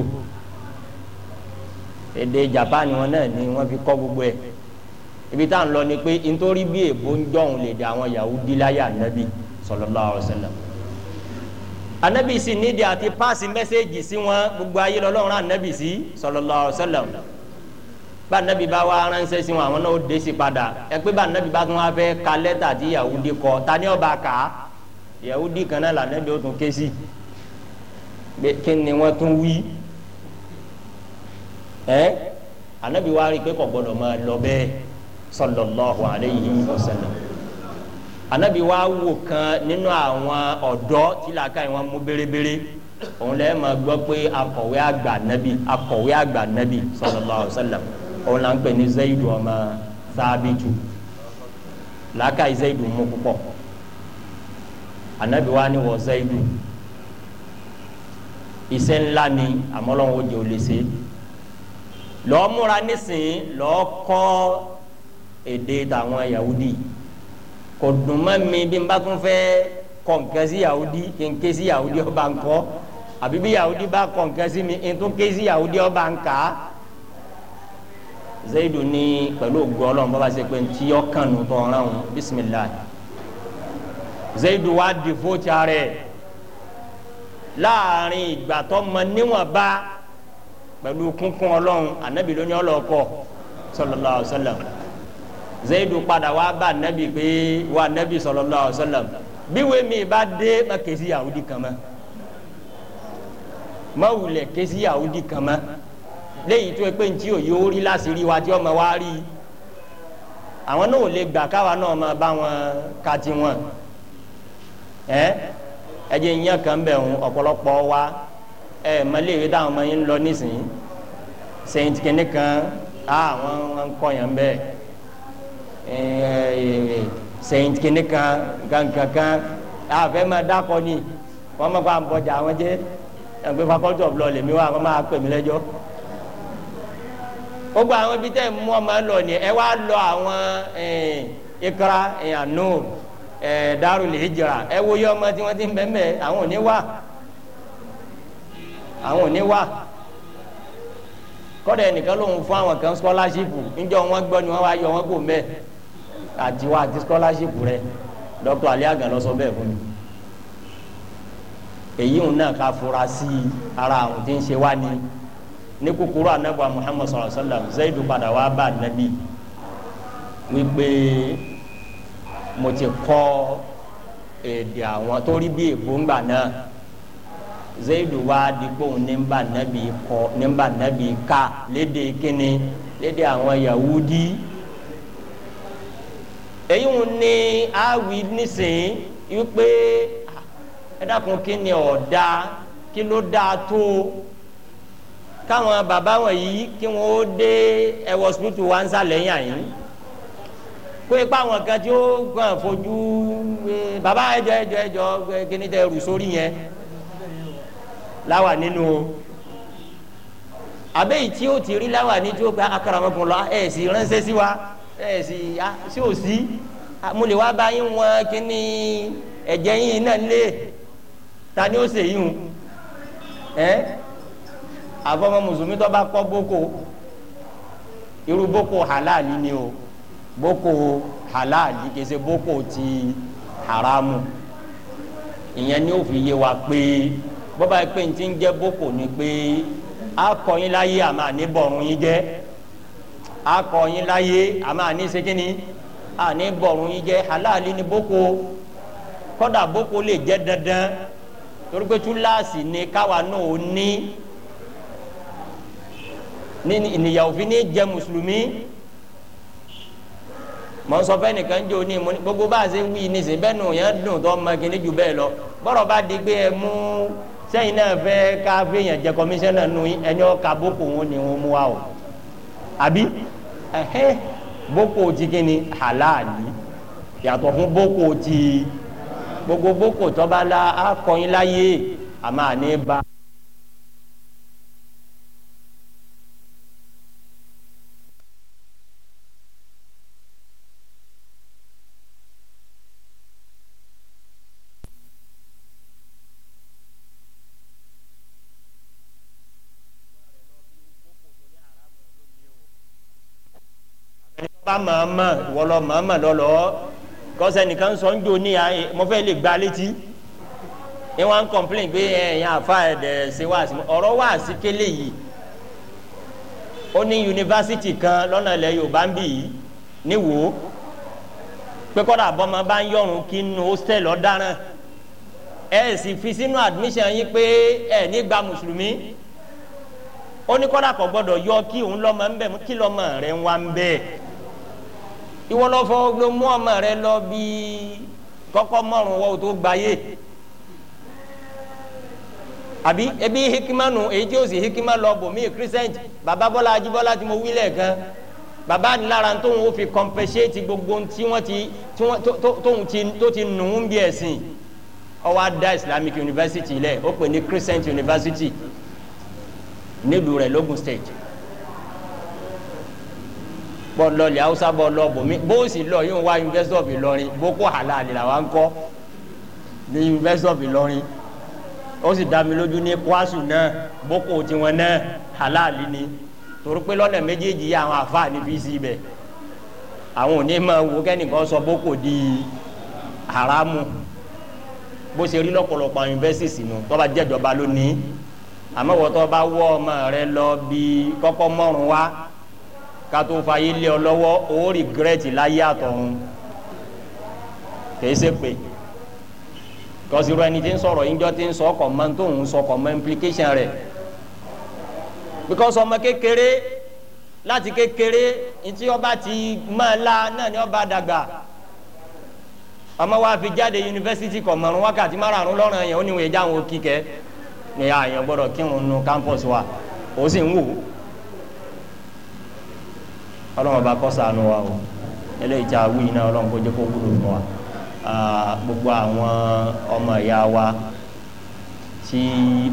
èdè Japan wọn náà ni wọ́n fi kọ́ gbogbo ẹ̀ ibi tá à ń lọ ni pé nítorí bí èbó ń jọ̀hún lè dé àwọn Yahudi láyé Ànábì sallallahu alaihi wasallam anabi si nídìí àti paasi mẹsẹgì sí wọn gbogbo ayé lọ́lọ́run anabi sí sallallahu sallam bá anabi bá wá ránṣẹ́ sí wọn àwọn náà ó dé sí padà ẹ pé bá anabi bá tún wá fẹ́ ka lẹ́tà tí yahudi kọ ta ni ọba kà á yahudi kan náà lànàbí ó tún ké sí kí ni wọ́n tún wí ẹ anabi wá rí i pé kò gbọdọ̀ máa lọ bẹ́ẹ̀ sallallahu alayhi wa sallam anabi wa wò kan nínú àwọn ọ̀dọ́ tí làákà yìí wọn mú bérebére òun lẹ́yìn máa gbọ́ pé akọ̀wé àgbà nabi akọ̀wé àgbà nabi sallallahu alaihi wasallam òun là ń pè ní zayidu ọmọ sábìtù làákà yìí zayidu mú púpọ̀ anabi wa ni wọ zayidu iṣẹ́ ńlá ni àmọ́ lọ́wọ́ jẹ́ olèṣe lọ́ọ́ múra nísìnyí lọ́ọ́ kọ́ èdè tàwọn yahudi yìí kò dùn mọ́ mi bí n bá tún fẹ́ kọ̀ǹkẹ́ sí yahudi kí n ké sí yahudi ọba nkọ́ àbí bí yahudi bá kọ̀ǹkẹ́ sí mi n tún ké sí yahudi ọba nkà zayidu ní pẹ̀lú ògùn ọlọ́run bá bá ṣe pé ntí ọkàn nù tọ̀ ọ̀ràn òun bisimilayi zayidu wa di fóòtì arẹ láàrin ìgbà tó mọ níwọ̀nba pẹ̀lú kúnkún ọlọ́run anabi ló ní ọlọ́kọ sallallahu alaihi zayidu padà wá bá nabi pé wà nabi sallallahu alaihi wasallam bí wèé mi bá dé ma kesi yahudi kama, mọ́ má wulẹ̀ kèsì yahudi kan mọ́ léyìí tó pé ntí òye ó rí láṣìírí wa tí ọmọ wa rí àwọn náà ò lè gbà káwa náà máa bá wọn ka ti wọn ẹ ẹ jẹ ìyẹn kan bẹ̀ ń ọ̀pọ̀lọpọ̀ wa ẹ mọ̀lẹ́wé táwọn ọmọ ń lọ nísìnyí sẹ́yìn kan àwọn ń kọ́ yẹn bẹ́ẹ̀. Eh, saint kìnnì kan kankankan àfẹ́ máa dákọ ni wọ́n máa kọ́ àbọ̀jà àwọn jẹ́ ẹgbẹ́ faculty of lèmi wá wọ́n máa pè mí lẹ́jọ́ gbogbo àwọn ibi mú lọ ni ẹ wá lọ àwọn eh, ikra ìyànú eh, darul hijra ẹ wo yọ ọmọ tí wọ́n ti ń àwọn àwọn kọ́dà ẹnìkan lòun fún àwọn kan scholarship wọn gbọ́ ni àtiwá àti scholarship rẹ dr ali agan lọ sọ bẹ́ẹ̀ fún mi èyí ń náà ká fura sí ara àwọn tí ń ṣe wá ní ní kúkúrú zayidu padà nabi wípé mo ti kọ èdè àwọn tó rí bí náà zayidu wá dípò nabi kọ́ nígbà nabi ká lédè kínní yahudi. èyí ń ní àwì nísìnyí wípé ah, ẹ dákun kí ni ọ̀dà kí ló dáa tó káwọn bàbá wọ̀nyí kí wọ́n ó dé ẹ̀wọ̀ sùtù wá ń sàlẹ̀ yàn yín pé báwọn kan tí ó gbọ́n fojú eh, bàbá ẹjọ ẹjọ ẹjọ kíní tẹ rù sórí yẹn láwà nínú o àbẹ́yìí tí ó ti rí láwà ní tí ó gba akara ọmọkùnrin lọ ah, ẹ̀ sì ránṣẹ́ sí wa ẹ sì á sí ò sí mo lè wá bá yín wọn kíní ẹ̀jẹ̀ yín náà lé ta ni ó ṣe yín o ẹ àfọmọ mùsùlùmí tó bá kọ́ boko irú boko halali ni o boko halali kì boko ti haramu ìyẹn ni ó fi yé wa pé bọ́ba pé n ti ń jẹ́ boko ni pé a kọ́ yín láyé àmọ́ àníbọ̀rún yín jẹ́ akọ̀yìn láyé àmọ́ àní sekínì àní bọ̀rùn yìí jẹ́ halali ni boko kọ́dà boko lè jẹ́ dandan torí pé túláàsì ni káwa náà ò ní nìyàwó fi ní jẹ́ mùsùlùmí mọ sọfẹ nìkan jò ní mo ní gbogbo bá a ṣe wí ní sè bẹ́ẹ̀ nù yẹn ma kí ni jù bẹ́ẹ̀ lọ di pé ẹ mú sẹ́yìn náà fẹ́ ká fẹ́yàn jẹ kọmíṣánná nu ẹni ọ̀ka boko wọn ni wọn mú wa o àbí ẹ̀hẹ́ boko ti kí halali yàtọ̀ fún boko ti gbogbo boko tọ́ba la akọyin láyé àmà ní ba. màmá wọlọ màmá lọlọ kọsẹ nìkan sọ ń jò ní ya eh, mo fẹ́ lè gba létí ni wọn complain pé eh, ẹ̀yin àfa ẹdẹ ṣe wáàsí ọ̀rọ̀ wáàsí kélé yìí ó ní yunifásitì kan lọ́nà ilẹ̀ Yorùbá ń bì yìí ní wo pé kọ́dà bọ́mọ bá ń yọrùn kí nu hostel ọ̀daràn ẹ sì fi sínú admission yín pé ẹ ní gba mùsùlùmí ó ní kọ́dà kọ́ gbọ́dọ̀ yọ kí òun lọ́mọ ń bẹ̀ kí lọ́mọ rẹ̀ ń wá ń bẹ́ẹ̀ ìwọlọ́fọ́ ló mú ọmọ rẹ lọ bí kọ́kọ́ mọ́rùn wọ́n tó gbayé àbí ebi hikima nù èyí tí ó sì hikima lọ bò mí christian baba bọ́lá ajibọ́lá tí mo wí lẹ́ẹ̀kan baba lára tóun ó fi compensate gbogbo tí wọ́n ti tóun ti tó ti nù ń bí ẹ̀sìn ó wá islamic university lẹ̀ ó pè ní christian university nílùú rẹ̀ lógun state bọ́ọ̀lọ́lẹ̀ haúsá bọ́ọ̀lọ́bùnmi bóòsì lọ yóò wá University of Ìlọrin Boko wa làwọn kọ́ ní University of Ìlọrin ó sì dá mi lójú ní kwasu náà boko tiwọn náà halal ni torí pé lọ́nà méjèèjì àwọn àfáà níbi síbẹ̀ àwọn òní máa wo kẹ́nìkan sọ boko di haramu bó ṣe rí lọ́pọ̀lọpọ̀ àwọn yunifásitì sínú tọ́ba jẹ́jọba lónìí àmọ́ wọ́n tọ́ bá wọ́ ọmọ rẹ lọ bí kọ́kọ́ mọ́rùn wá kátó fa lé ọ lọ́wọ́ ó rìgírẹ́tì láyé àtọ̀run kìí ṣe pé kọ́sìrò ẹni tí ń sọ̀rọ̀ ìjọ tí ń sọ ọkọ̀ mọ́ tó ń sọ ọkọ̀ mọ́ implication rẹ̀ because ọmọ kékeré láti kékeré tí ọba ti mọ́ ẹ la náà ni ọba dàgbà ọmọ wa fi jáde yunifásitì kọ̀ mọ̀rún wákàtí márùn-ún lọ́rùn ẹ̀yàn ó ní ìwé jáwọn òkìkẹ́ ni àyàn gbọ́dọ̀ kírun nu campus wa ó sì ń wò ó ọlọ́run ọba kọ́ sànù wa o eléyìí tá a wí iná ọlọ́run kó jẹ́ kó wúlò fún wa gbogbo àwọn ọmọ ìyá wa tí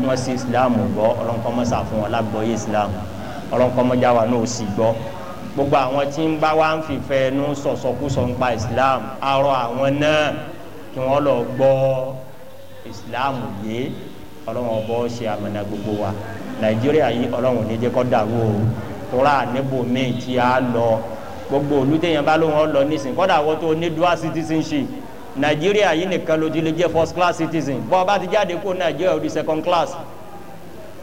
wọ́n sí islam gbọ́ ọlọ́run kọ́ mọ́sà fún wọn lágbọ́yé islam ọlọ́run kọ́ mọ́já wa náà sì gbọ́ gbogbo àwọn tí ń bá wa ń fìfẹ́ ẹnu sọ̀sọ́kúsọ ń pa islam arọ àwọn náà kí wọ́n lọ gbọ́ islam yé ọlọ́run ọbọ̀ ṣe àmọ̀nà gbogbo wa nàìjíríà yìí ọlọ́run ò ní jẹ́ kó dàrú o kóra níbòmíì tí a lọ gbogbo olùdéyàn bá lóun lọ nísìnyí kọ́dà wọ́n tó ní dual citizenship nàìjíríà yìí nìkan ló ti lè jẹ́ first class citizen bọ́ ọ bá ti jáde kó nàìjíríà ó di second class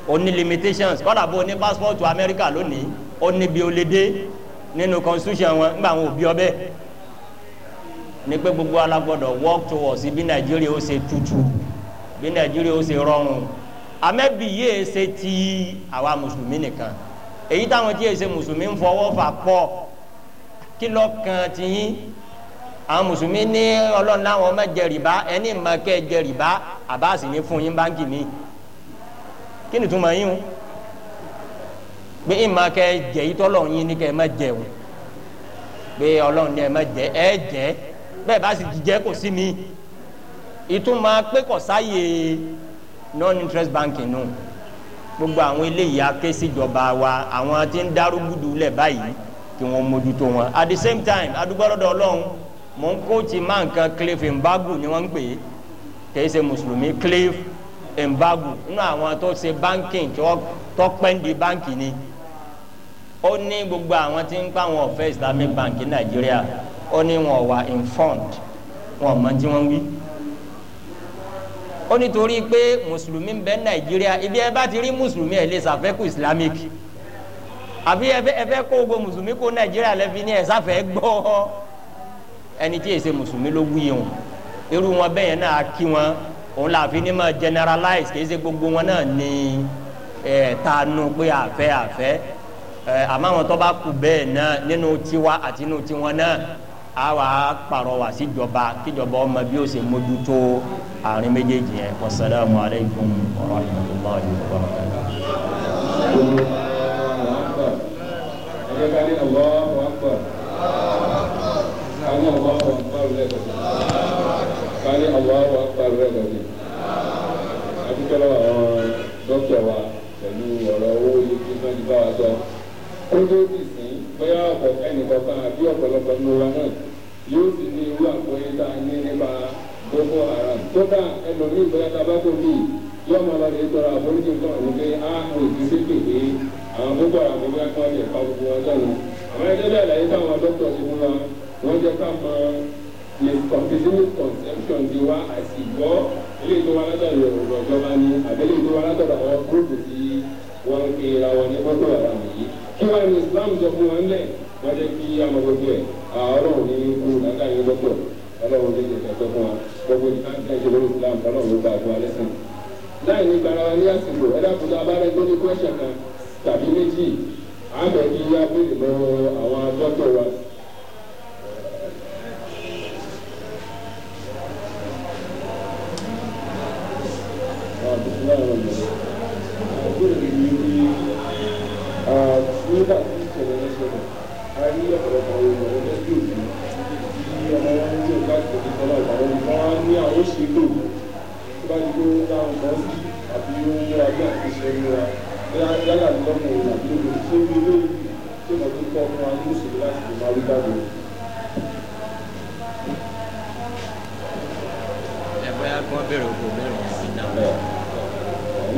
ó ní limitations kọ́dà bó ní passport amẹ́ríkà lónìí ó ní bí ó lè dé nínú constitution wọn nígbà wọn ò bí ọbẹ̀ ní pé gbogbo alágbọ́dọ̀ work towards bí nàìjíríà ó ṣe tutù bí nàìjíríà ó ṣe rọrùn amẹ́bí ṣe ti àwa mùsùlùmí nìkan èyí táwọn tí èsè mùsùlùmí ń fọwọ́ fà pọ̀ kí lọ́kàn ti yín àwọn mùsùlùmí ní ọlọ́run láwọn ọmọ jẹ rìbá ẹni mọ̀ kẹ́ jẹ rìbá àbáàsì ní fún yín báńkì mi kí ni túmọ̀ yín o pé ìmọ̀ kẹ́ jẹ yìí tọ́lọ̀ yín ní kẹ́ ẹ má jẹ o pé ọlọ́run ní ẹ má jẹ ẹ jẹ bẹ́ẹ̀ bá sì jẹ kò sí mi ìtumọ̀ pé kò sáyè non interest banking nù. No gbogbo àwọn eléyìí aké síjọba wa àwọn tí ń darúgbùdù lẹ̀ báyìí kí wọ́n mójútó wọn at the same time adúgbòròdọ̀ ọlọ́run mò ń kóòtì máa nǹkan Cliff Mbagu ni wọ́n ń pè é kì í ṣe mùsùlùmí Cliff Mbagu nínú àwọn tó ṣe banking tó pẹ́ǹdì báǹkì ni ó ní gbogbo àwọn tí ń pa àwọn ọ̀fẹ́ Islamic Bank Nàìjíríà ó ní wọn wà informed wọn mọ tí wọ́n wí ó nítorí pé mùsùlùmí ń bẹ nàìjíríà ibi ẹ bá ti rí mùsùlùmí ẹ lè ṣàfẹ́kù islamic àbí ẹ fẹ́ kó gbogbo mùsùlùmí kó nàìjíríà lẹ́fi ní ẹ sáfẹ́ gbọ́ ẹni tí èsè mùsùlùmí ló wúyẹ wọn irú wọn bẹ́ẹ̀ náà kí wọn òun làfi ní ma generalize kì í ṣe gbogbo wọn náà ní ẹ̀ tanu pé àfẹ́ àfẹ́ àmọ́ àwọn tó bá kù bẹ́ẹ̀ náà nínú tiwa àti nínú tiwọn náà àwa pàrọwà síjọba kíjọba ọmọ bí ó ṣe mójútó àárín méjèèjì yẹn wasalaamualeykum wa rahmatulahi wa barakatuh.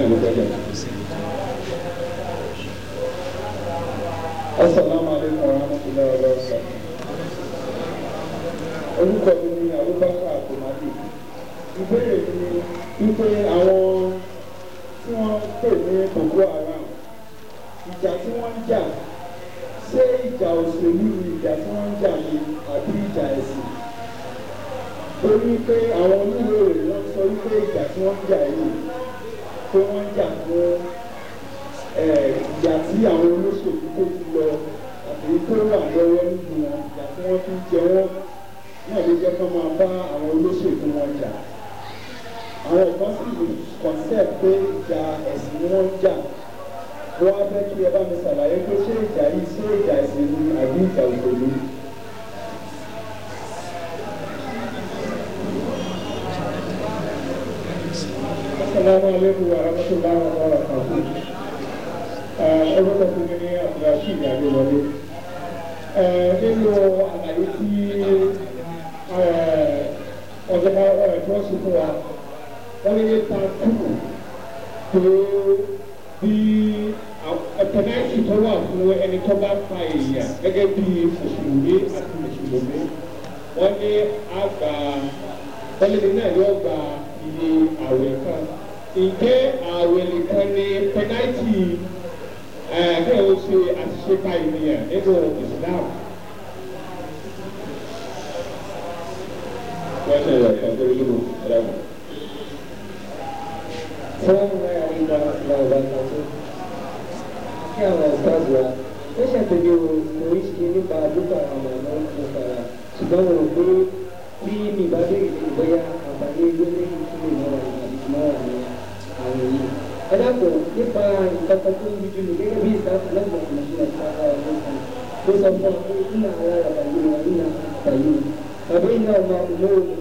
assalamu alaikum wa rahmatullahi wa barakatuh Mana lah contoh ilmu agama Sampai hari dalam Saya saya tunjuk ini baru tak aman Sudah rupi Di ini ini Bayar apa ini Ini ini Ini ini Ini ini Ada apa Dia Kata pun Bujur ini Bisa Lepas Masyarakat Masyarakat Masyarakat Masyarakat Masyarakat Masyarakat Masyarakat Masyarakat Masyarakat Masyarakat Masyarakat Masyarakat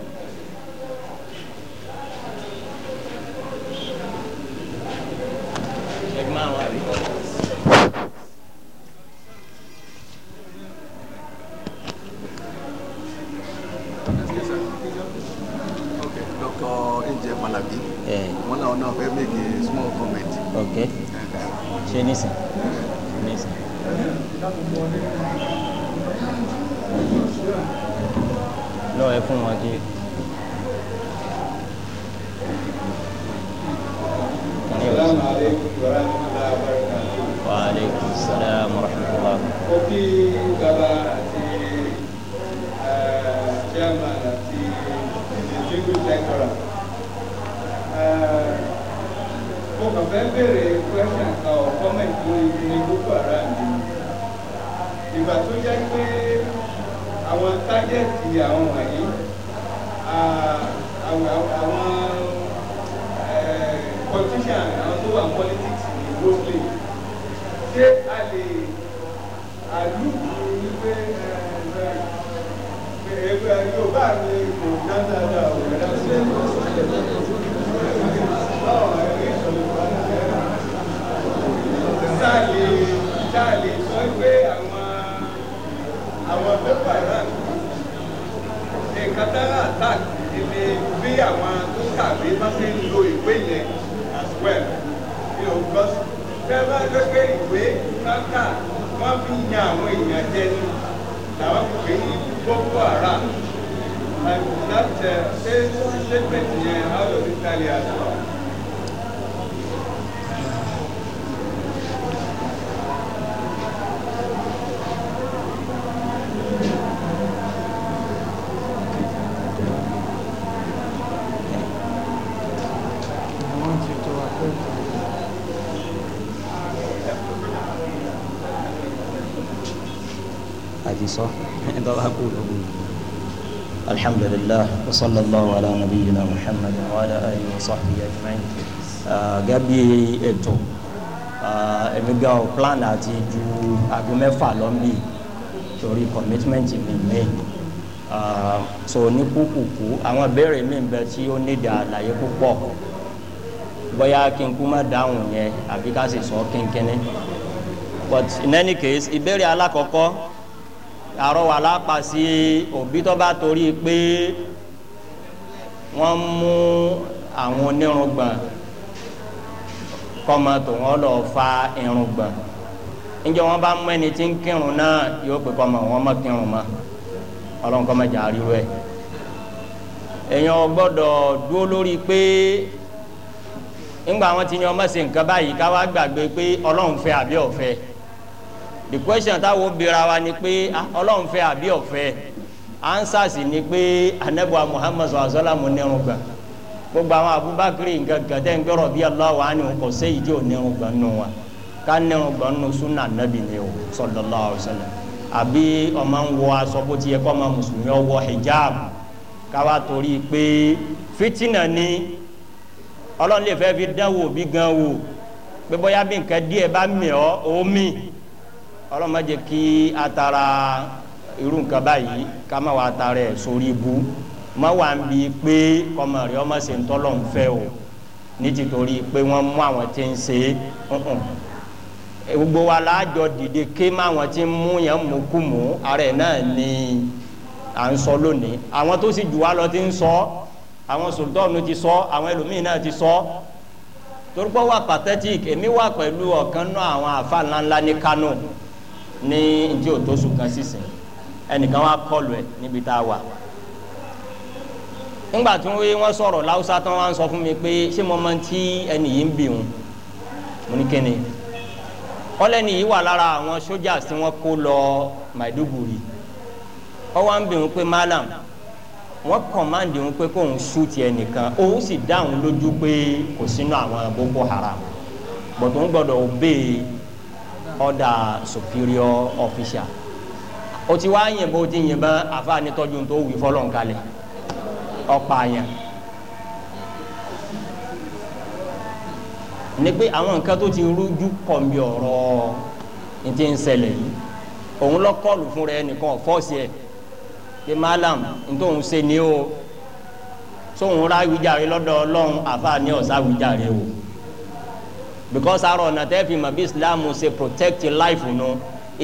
chairman àti executive lecturer. mo kàn fẹ́ béèrè question kan or comment lórí ìpínlẹ̀ Boko Haram ni ìgbà tó jẹ́ pé àwọn tájẹ́ẹ̀tì àwọn wọ̀nyí àwọn politician àwọn tó wà politics ní Brooklyn ṣé a lè àlùkò. ẹgbẹ́ yóò bá mi kò dáadáa òun dá sí ẹgbẹ́ sọ́kẹ̀ báwọn ẹgbẹ́ ìṣòro bá ń bẹ̀rẹ̀ sáàlì sáàlì sọ pé àwọn as well you know because fẹ́ bá lọ pé ìwé káńtà wọ́n fi yan àwọn èèyàn jẹ ni Boko Haram. I would not uh, say statement here out of Italy as well. الحمد لله وصلى الله على نبينا محمد وعلى آله وصحبه أجمعين gẹ́bí ètò ah, èmi gan o plan àti ju aago mẹ́fà lọ bí torí commitment mi made ah, so ní kúkúkú àwọn béèrè mi ń bẹ tí ó nídìí àlàyé púpọ̀ bóyá kí n kú má dáhùn yẹn àbí ká sì sọ kínkínní but in any case ìbéèrè alákọ̀ọ́kọ́. àrọ wà lápàsí òbí tó bá torí pé wọ́n mú àwọn onírùngbọ̀n kọ́mọ tó wọ́n lọ fa irùngbọ̀n níjẹ́ wọ́n bá mú ẹni tí ń kírun náà yóò pè kọ́mọ wọ́n mọ̀ kírun mọ́ ọlọ́run kọ́mọ jà rí rẹ̀ èèyàn gbọ́dọ̀ dúró lórí pé ńgbà wọn ti yan ọmọ sí nǹkan báyìí the question táwọn obìnrin wa ni pé ah, ọlọ́run fẹ́ àbí ọ̀fẹ́ answers ni pé anabuwa muhammad sallallahu alaihi wa sallam gbogbo àwọn abubakari gangan tẹ́ ń gbọ́rọ̀ bí aláwa ni kò séyìí tí ò nírun gbọ́n nù wa ká nírun gbọ́n nù sunna nabi ni o sallallahu alaihi wa sallam àbí ọmọ ń wọ aṣọ bó ti yẹ kọ́ ọmọ mùsùlùmí ọwọ́ hijab káwa torí pé fitina ni ọlọ́run lè fẹ́ fi dánwò bí gan wò pé bóyá bí nǹkan díẹ̀ bá mì ọ́ ó ọlọ́run má jẹ́ kí atara irú nǹkan báyìí ká má wà atara ẹ̀ sórí ibu má wà ń bi pé kọ́mọ rẹ̀ ọmọ sì ń tọ́lọ̀ ń fẹ́ o ní títorí pé wọ́n mú àwọn tí ń ṣe é gbogbo wa láàjọ dìde ké má àwọn tí ń mú yẹn mú kú mú ara ẹ̀ náà ni à ń sọ lónìí àwọn tó sì jù wá lọ ti ń sọ àwọn sultanu ti sọ àwọn ẹlòmíín náà ti sọ torúkọ wà pathetic èmi wà pẹ̀lú ọ̀kan náà àwọn àfa ńláńlá ní Kano ní ntí o tó sùn kan sísìn ẹnìkan wá kọlù ẹ níbi tá a wà ńgbà tí wọ́n sọ̀rọ̀ láwùsá tán wọ́n sọ fún mi pé ṣé mo máa ń tí ẹnì yìí ń bì wọn mo ní kíni ọlẹ́ni yìí wà lára àwọn sójà tí wọ́n kó lọ Maiduguri ọwọ́ ń bì wọn pé malam wọ́n kọ̀máǹdì wọn pé kóun ṣúùtì ẹnìkan òun sì dáhùn lójú pé kò sínú àwọn Boko Haram bọ̀dọ̀ ń gbọ́dọ̀ obey order superior officer o ti wá yìnbọn o ti yìnbọn àfààní tọ́jú tó wí fọlọ́ nkalẹ̀ ọ̀pá yẹn ni pé àwọn nǹkan tó ti rújú kọ̀m̀bì ọ̀rọ̀ ní ti ń ṣẹlẹ̀ yìí òun lọ kọlù fún rẹ nìkan fọ́ọ̀sì ẹ̀ pé malam ntòun ṣe ni o sóun rà wíjàre lọ́dọ̀ ọlọ́run àfààní ọ̀sá wíjàre o. So, because àrò ọ̀nà tẹ́ fi mọ̀ bí islam ṣe protect life nù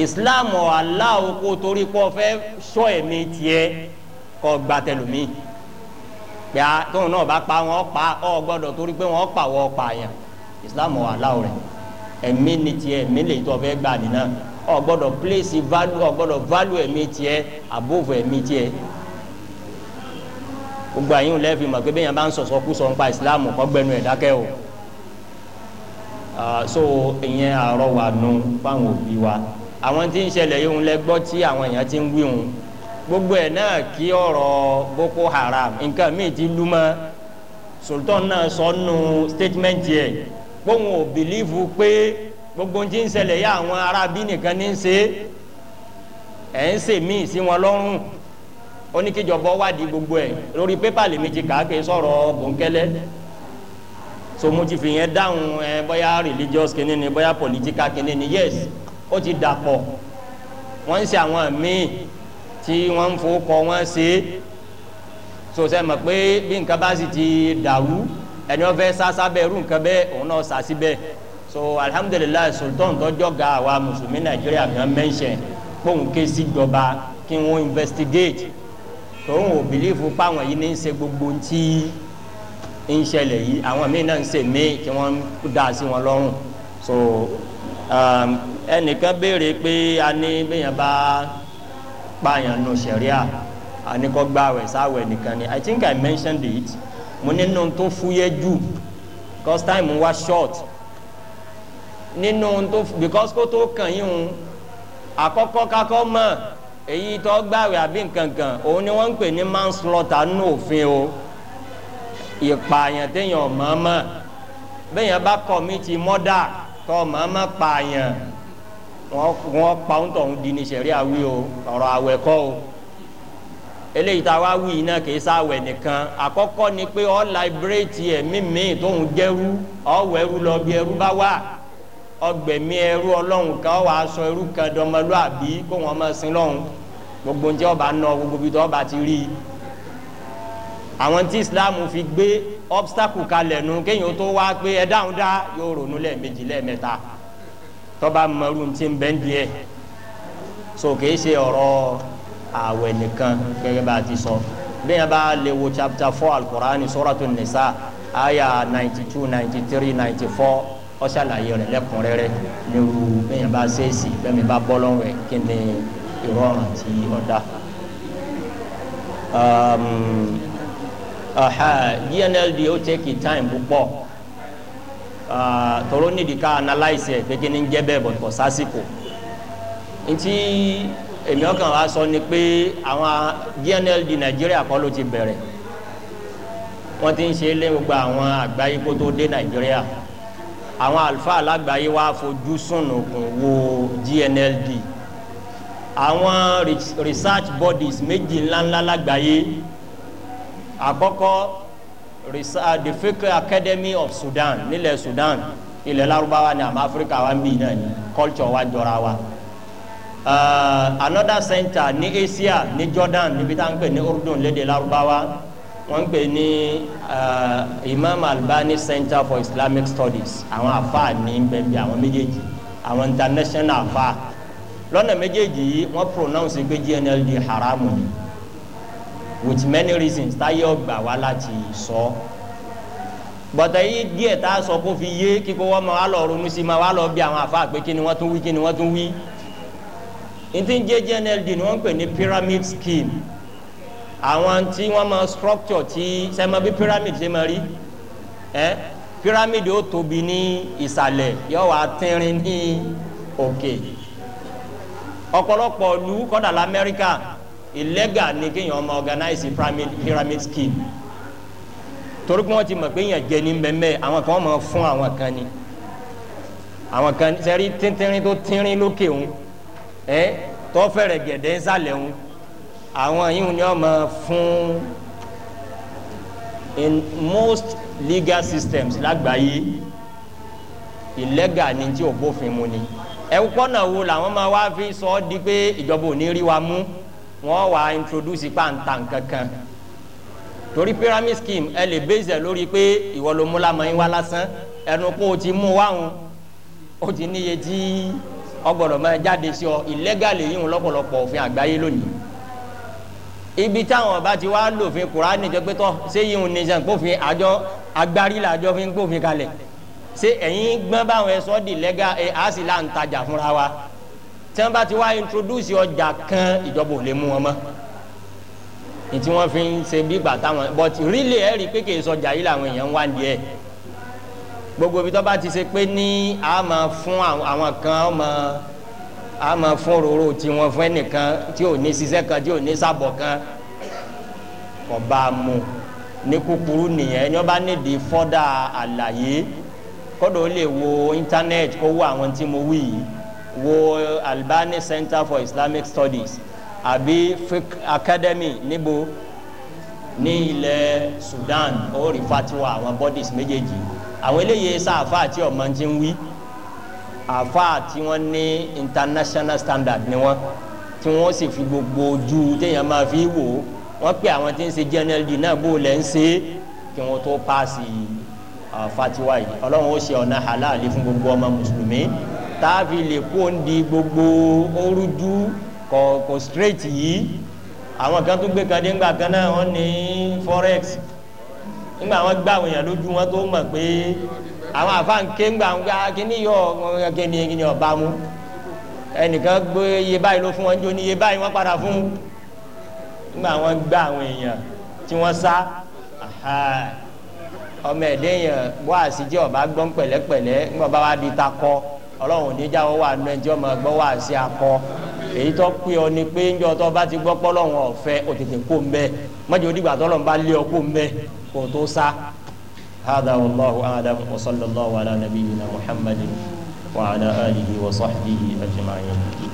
islam aláwo kó torí kó fẹ́ sọ ẹ̀mí tiẹ̀ kó gba tẹlumi pé a tóun náà bá pa wọn pa ọ gbọ́dọ̀ torí pé wọn pa wọn pa yẹn islam aláwo rẹ ẹ̀mí ni tiẹ̀ ẹ̀mí lè tọ́ fẹ́ gbà nínà ọ gbọ́dọ̀ place value ọ gbọ́dọ̀ value ẹ̀mí tiẹ̀ above ẹ̀mí tiẹ̀ gbogbo àyìn lẹ́ẹ̀fì mọ̀ pé bẹ́ẹ̀ yẹn bá ń sọ̀sọ́ kú sọ̀ ń pa islam kọ́ gbẹnu ẹ̀ dákẹ́ o. Ah, so ìyẹn àárọ̀ wà nù fáwọn òbí wa àwọn tí ń ṣẹlẹ̀ yìí ń lẹ gbọ́ tí àwọn èèyàn ti ń wí hun gbogbo ẹ̀ náà kí ọ̀rọ̀ boko haram nǹkan míì ti lú mọ́ sultan náà sọ nù statement yẹ gbóhùn ò bìlífù pé gbogbo tí ń ṣẹlẹ̀ yìí àwọn arábí nìkan ní í ṣe ẹ̀ ń ṣe míì sí wọn lọ́rùn oníkejọba wádìí gbogbo ẹ̀ lórí pépà lèmi ti kàákè sọ̀rọ̀ bòńkẹ́lẹ́ so mo ti fi yẹn dáhùn ẹ bóyá religious kìíní ni bóyá political kìíní ni yes ó ti dàpọ̀ wọ́n ń ṣe àwọn míì tí wọ́n ń fowókọ wọ́n ṣe so ṣe mọ̀ pé bí nǹkan bá sì ti dàrú ẹni wọ́n fẹ́ sásá bẹ́ẹ̀ rú nǹkan bẹ́ẹ̀ òun náà sá sí bẹ́ẹ̀ so alihamudulilayi sultan tọjọ ga àwa mùsùlùmí nàìjíríà kan mẹ́ńṣẹ̀ kóun ké sí ìjọba kí wọ́n investigate tòun ò bìlífù páwọn yìí ní í ṣe gbogbo ntí. So, ń ṣẹlẹ̀ yìí àwọn míì náà ń ṣe míì tí wọ́n dá sí wọn lọ́rùn so um, ẹnìkan béèrè pé a ní bẹ́yẹn bá pààyàn nù sẹ̀ríà a ní kọ́ gbàwẹ̀ sáwẹ̀ nìkan ni I think I mentioned it mo nínú tó fúyẹ́ jù because time wa short nínú tó because kó tó kàn yín o àkọ́kọ́ kakọ́ mọ̀ èyí tó gbàwẹ̀ àbí nǹkan òun ni wọ́n ń pè ní manslaughter nù òfin o. No, ìpààyàn téèyàn mọ̀ọ́mọ̀ béèyàn bá kọ̀mítì mọ́dà tó mọ̀ọ́mọ̀ pààyàn wọ́n pa ń tọ̀hún di ní sẹ̀rí àwí o ọ̀rọ̀ àwẹ̀ kọ́ o eléyìí tá a wá wí iná kìí sáwẹ̀ nìkan àkọ́kọ́ ni pé ọ́ láìbírèètì ẹ̀mí mi tóun jẹ́rú ọ̀wẹ́rú lọ bí ẹrú bá wà ọgbẹ̀mí ẹrú ọlọ́run kan wà á ẹrú kan dọmọlúàbí kó wọn máa sin lọ́hùn gbogbo njẹ́ ọba nọ gbogbo bí tọ́ ọba ti rí i àwọn tí islam fi gbé obstacle kalẹ̀ nu kéèyàn tó wá pé ẹ dáhùn dá yóò ronú lẹ́ẹ̀mejì lẹ́ẹ̀mẹ́ta tọ́ba mọ̀rú ti ń bẹ́ ń di ẹ̀ so kìí ṣe ọ̀rọ̀ àwẹ̀ nìkan gẹ́gẹ́ bá a ti sọ bẹ́ẹ̀ bá lè wo chapter four alukur'ani suratu nisa aya ninety two ninety three ninety four ó ṣàlàyé rẹ̀ lẹ́kùnrẹ́rẹ́ nírú bẹ́ẹ̀ bá ṣèèṣì bẹ́ẹ̀ bá bọ́ lọ́wọ́ ẹ̀ kí ni ìrọ̀rùn tí ó dá. GNLD ó take time púpọ̀ ah, tọrọ nídìí ká analyse ẹ̀ pé kí ni ń jẹ́ bẹ́ẹ̀ bọ̀ kọ̀ sásìkò ntí èmi ọkàn wa sọ ni pé àwọn GNLD Nigeria kọ́ ló ti bẹ̀rẹ̀ wọ́n ti ń ṣe lé gbogbo àwọn àgbáyé kó tó dé Nàìjíríà àwọn àlùfáà lágbàáyé wa fojú sùnùkùn wo GNLD àwọn research bodies méjì ńláńlá lágbàáyé. La àkọ́kọ́ uh, the Fiqh academy of Sudan nílẹ̀ Sudan ilẹ̀ larubawa ni àmọ́ Áfíríkà wa ń bì náà ni culture wa jọra wa uh, another center ní Asia ní Jordan níbi tá à ń pè ní Urdun lédè Lárúbáwá wọ́n ń pè ní uh, Imam Albani Center for Islamic Studies àwọn afa ní bẹ́ẹ̀ bí àwọn méjèèjì àwọn international afa lọ́nà méjèèjì yìí wọ́n pronounce pé GNLD haramu ni with many reasons táyé ọgbà wá láti sọ bọ̀tẹ̀ yìí díẹ̀ tá a sọ kó fi yé kíkó wọ́n ma wá lọ ronú sí ma wá lọ bí àwọn àfa pé kí ni wọ́n tún wí kí ni wọ́n tún wí ntí ń jẹ́ GNLD ni wọ́n ń pè ní pyramid scheme àwọn tí wọ́n ma structure tí sẹ́mọ bí pyramid ṣe ma rí ẹ́ pyramid ó tóbi ní ìsàlẹ̀ yóò wá tínrín ní òkè ọ̀pọ̀lọpọ̀ lu kọ́dà l'Amẹ́ríkà. Okay illegal ni kéèyàn ọmọ organize pyramid pyramid scheme torí pé wọ́n ti mọ̀ pé èèyàn jẹ ní mẹ́mẹ́ àwọn kan mọ̀ fún àwọn kan ni àwọn kan sẹ́rí tíntìrín tó tínrín lókè òun ẹ tó fẹ̀rẹ̀ gẹ̀dẹ̀ ńsàlẹ̀ àwọn yìí ni wọ́n mọ̀ fún in most legal systems lágbàáyé illegal ni tí ò bófin mu ni ẹ kọ́nà wo làwọn máa wá fi sọ ọ́ di pé ìjọba ò ní rí wa mú wọ́n wá introduce pàǹtà kankan torí pyramid scheme ẹ lè bẹ́sẹ̀ lórí pé ìwọ ló mú lamọ̀ yín wá lásán ẹnu kó o ti mú wáhùn o ti níye tí ọgbọ̀dọ̀ máa jáde sí ọ illegal yìí ń lọ́pọ̀lọpọ̀ òfin àgbáyé lónìí ibi táwọn ọba ti wá lòfin kùránì jọ pé tọ́ ṣé yìí ń nìyẹn kófin àjọ agbárí làjọ fi ń kófin kalẹ̀ ṣé ẹ̀yin gbọ́n báwọn ẹ sọ́ di lẹ́gà ẹ̀ á sì là ń tajà fúnra wa tí wọ́n bá ti wá introduce ọjà kan ìjọba ò lè mú wọn mọ́ ní tí wọ́n fi ń ṣe bí ìgbà táwọn but really ẹ̀ rí i pé kì í sọjà yìí làwọn èèyàn ń wá ní ẹ̀ gbogbo ibi tó bá ti ṣe pé ní a máa fún àwọn kan ọmọ a máa fún òróró tiwọn fún ẹnìkan tí ò ní ṣiṣẹ́ kan tí ò ní sábọ̀ kan kò bá a mú ní kúkúrú nìyẹn ẹni wọ́n bá nídìí fọ́dà àlàyé kọ́dọ̀ ó lè wo íńtánẹ́ẹ̀tì kó wo àwọn tí mo wí yìí wo albani center for islamic studies àbí fiqh academy níbo ní ilẹ̀ sudan ó rí fatiwa àwọn bodies méjèèjì àwọn eléyìí sá àfa ọmọ ti ń wí àfa àti wọn ní international standard ni wọn tí wọn sì fi gbogbo ojú téèyàn máa fi wò ó wọn pe àwọn tí ń ṣe gnld náà bó lẹ ń ṣe kí wọn tó paasi fatiwa yìí ọlọ́run ó ṣe ọ̀nà halali fún gbogbo ọmọ mùsùlùmí tààfi lè kó ń di gbogbo orújú kọ kọ straight yìí àwọn kan tó gbé kan dé ńgbà kan náà wọ́n ní forex ńgbà wọ́n gbà àwọn èèyàn lójú wọn tó mọ̀ pé àwọn àfáà ń ké ńgbà wọn ah, kíní yọ kíní kíní ọba mu ẹnìkan gbé iye báyìí ló fún wọn jó ní iye báyìí wọ́n padà fún ńgbà wọ́n gbà àwọn èèyàn tí wọ́n sá ọmọ ẹ̀dẹ́yìn bọ́ àsìjẹ́ ọba gbọ́n pẹ̀lẹ́pẹ̀lẹ́ ńgbà bá wa di ta ọlọ́run níjà wọn wà nù ẹjọ́ máa gbọ́ wá sí akọ èyí tó pé ọ ni pé ńjọ tó bá ti gbọ́ pọ́lọ́run ọ̀fẹ́ o tètè kó ń bẹ mọ́jọ́ onígbà tó lọ́n bá lé ọ kó ń bẹ kó tó sá. هذا والله أعلم وصلى الله على نبينا محمد وعلى آله وصحبه أجمعين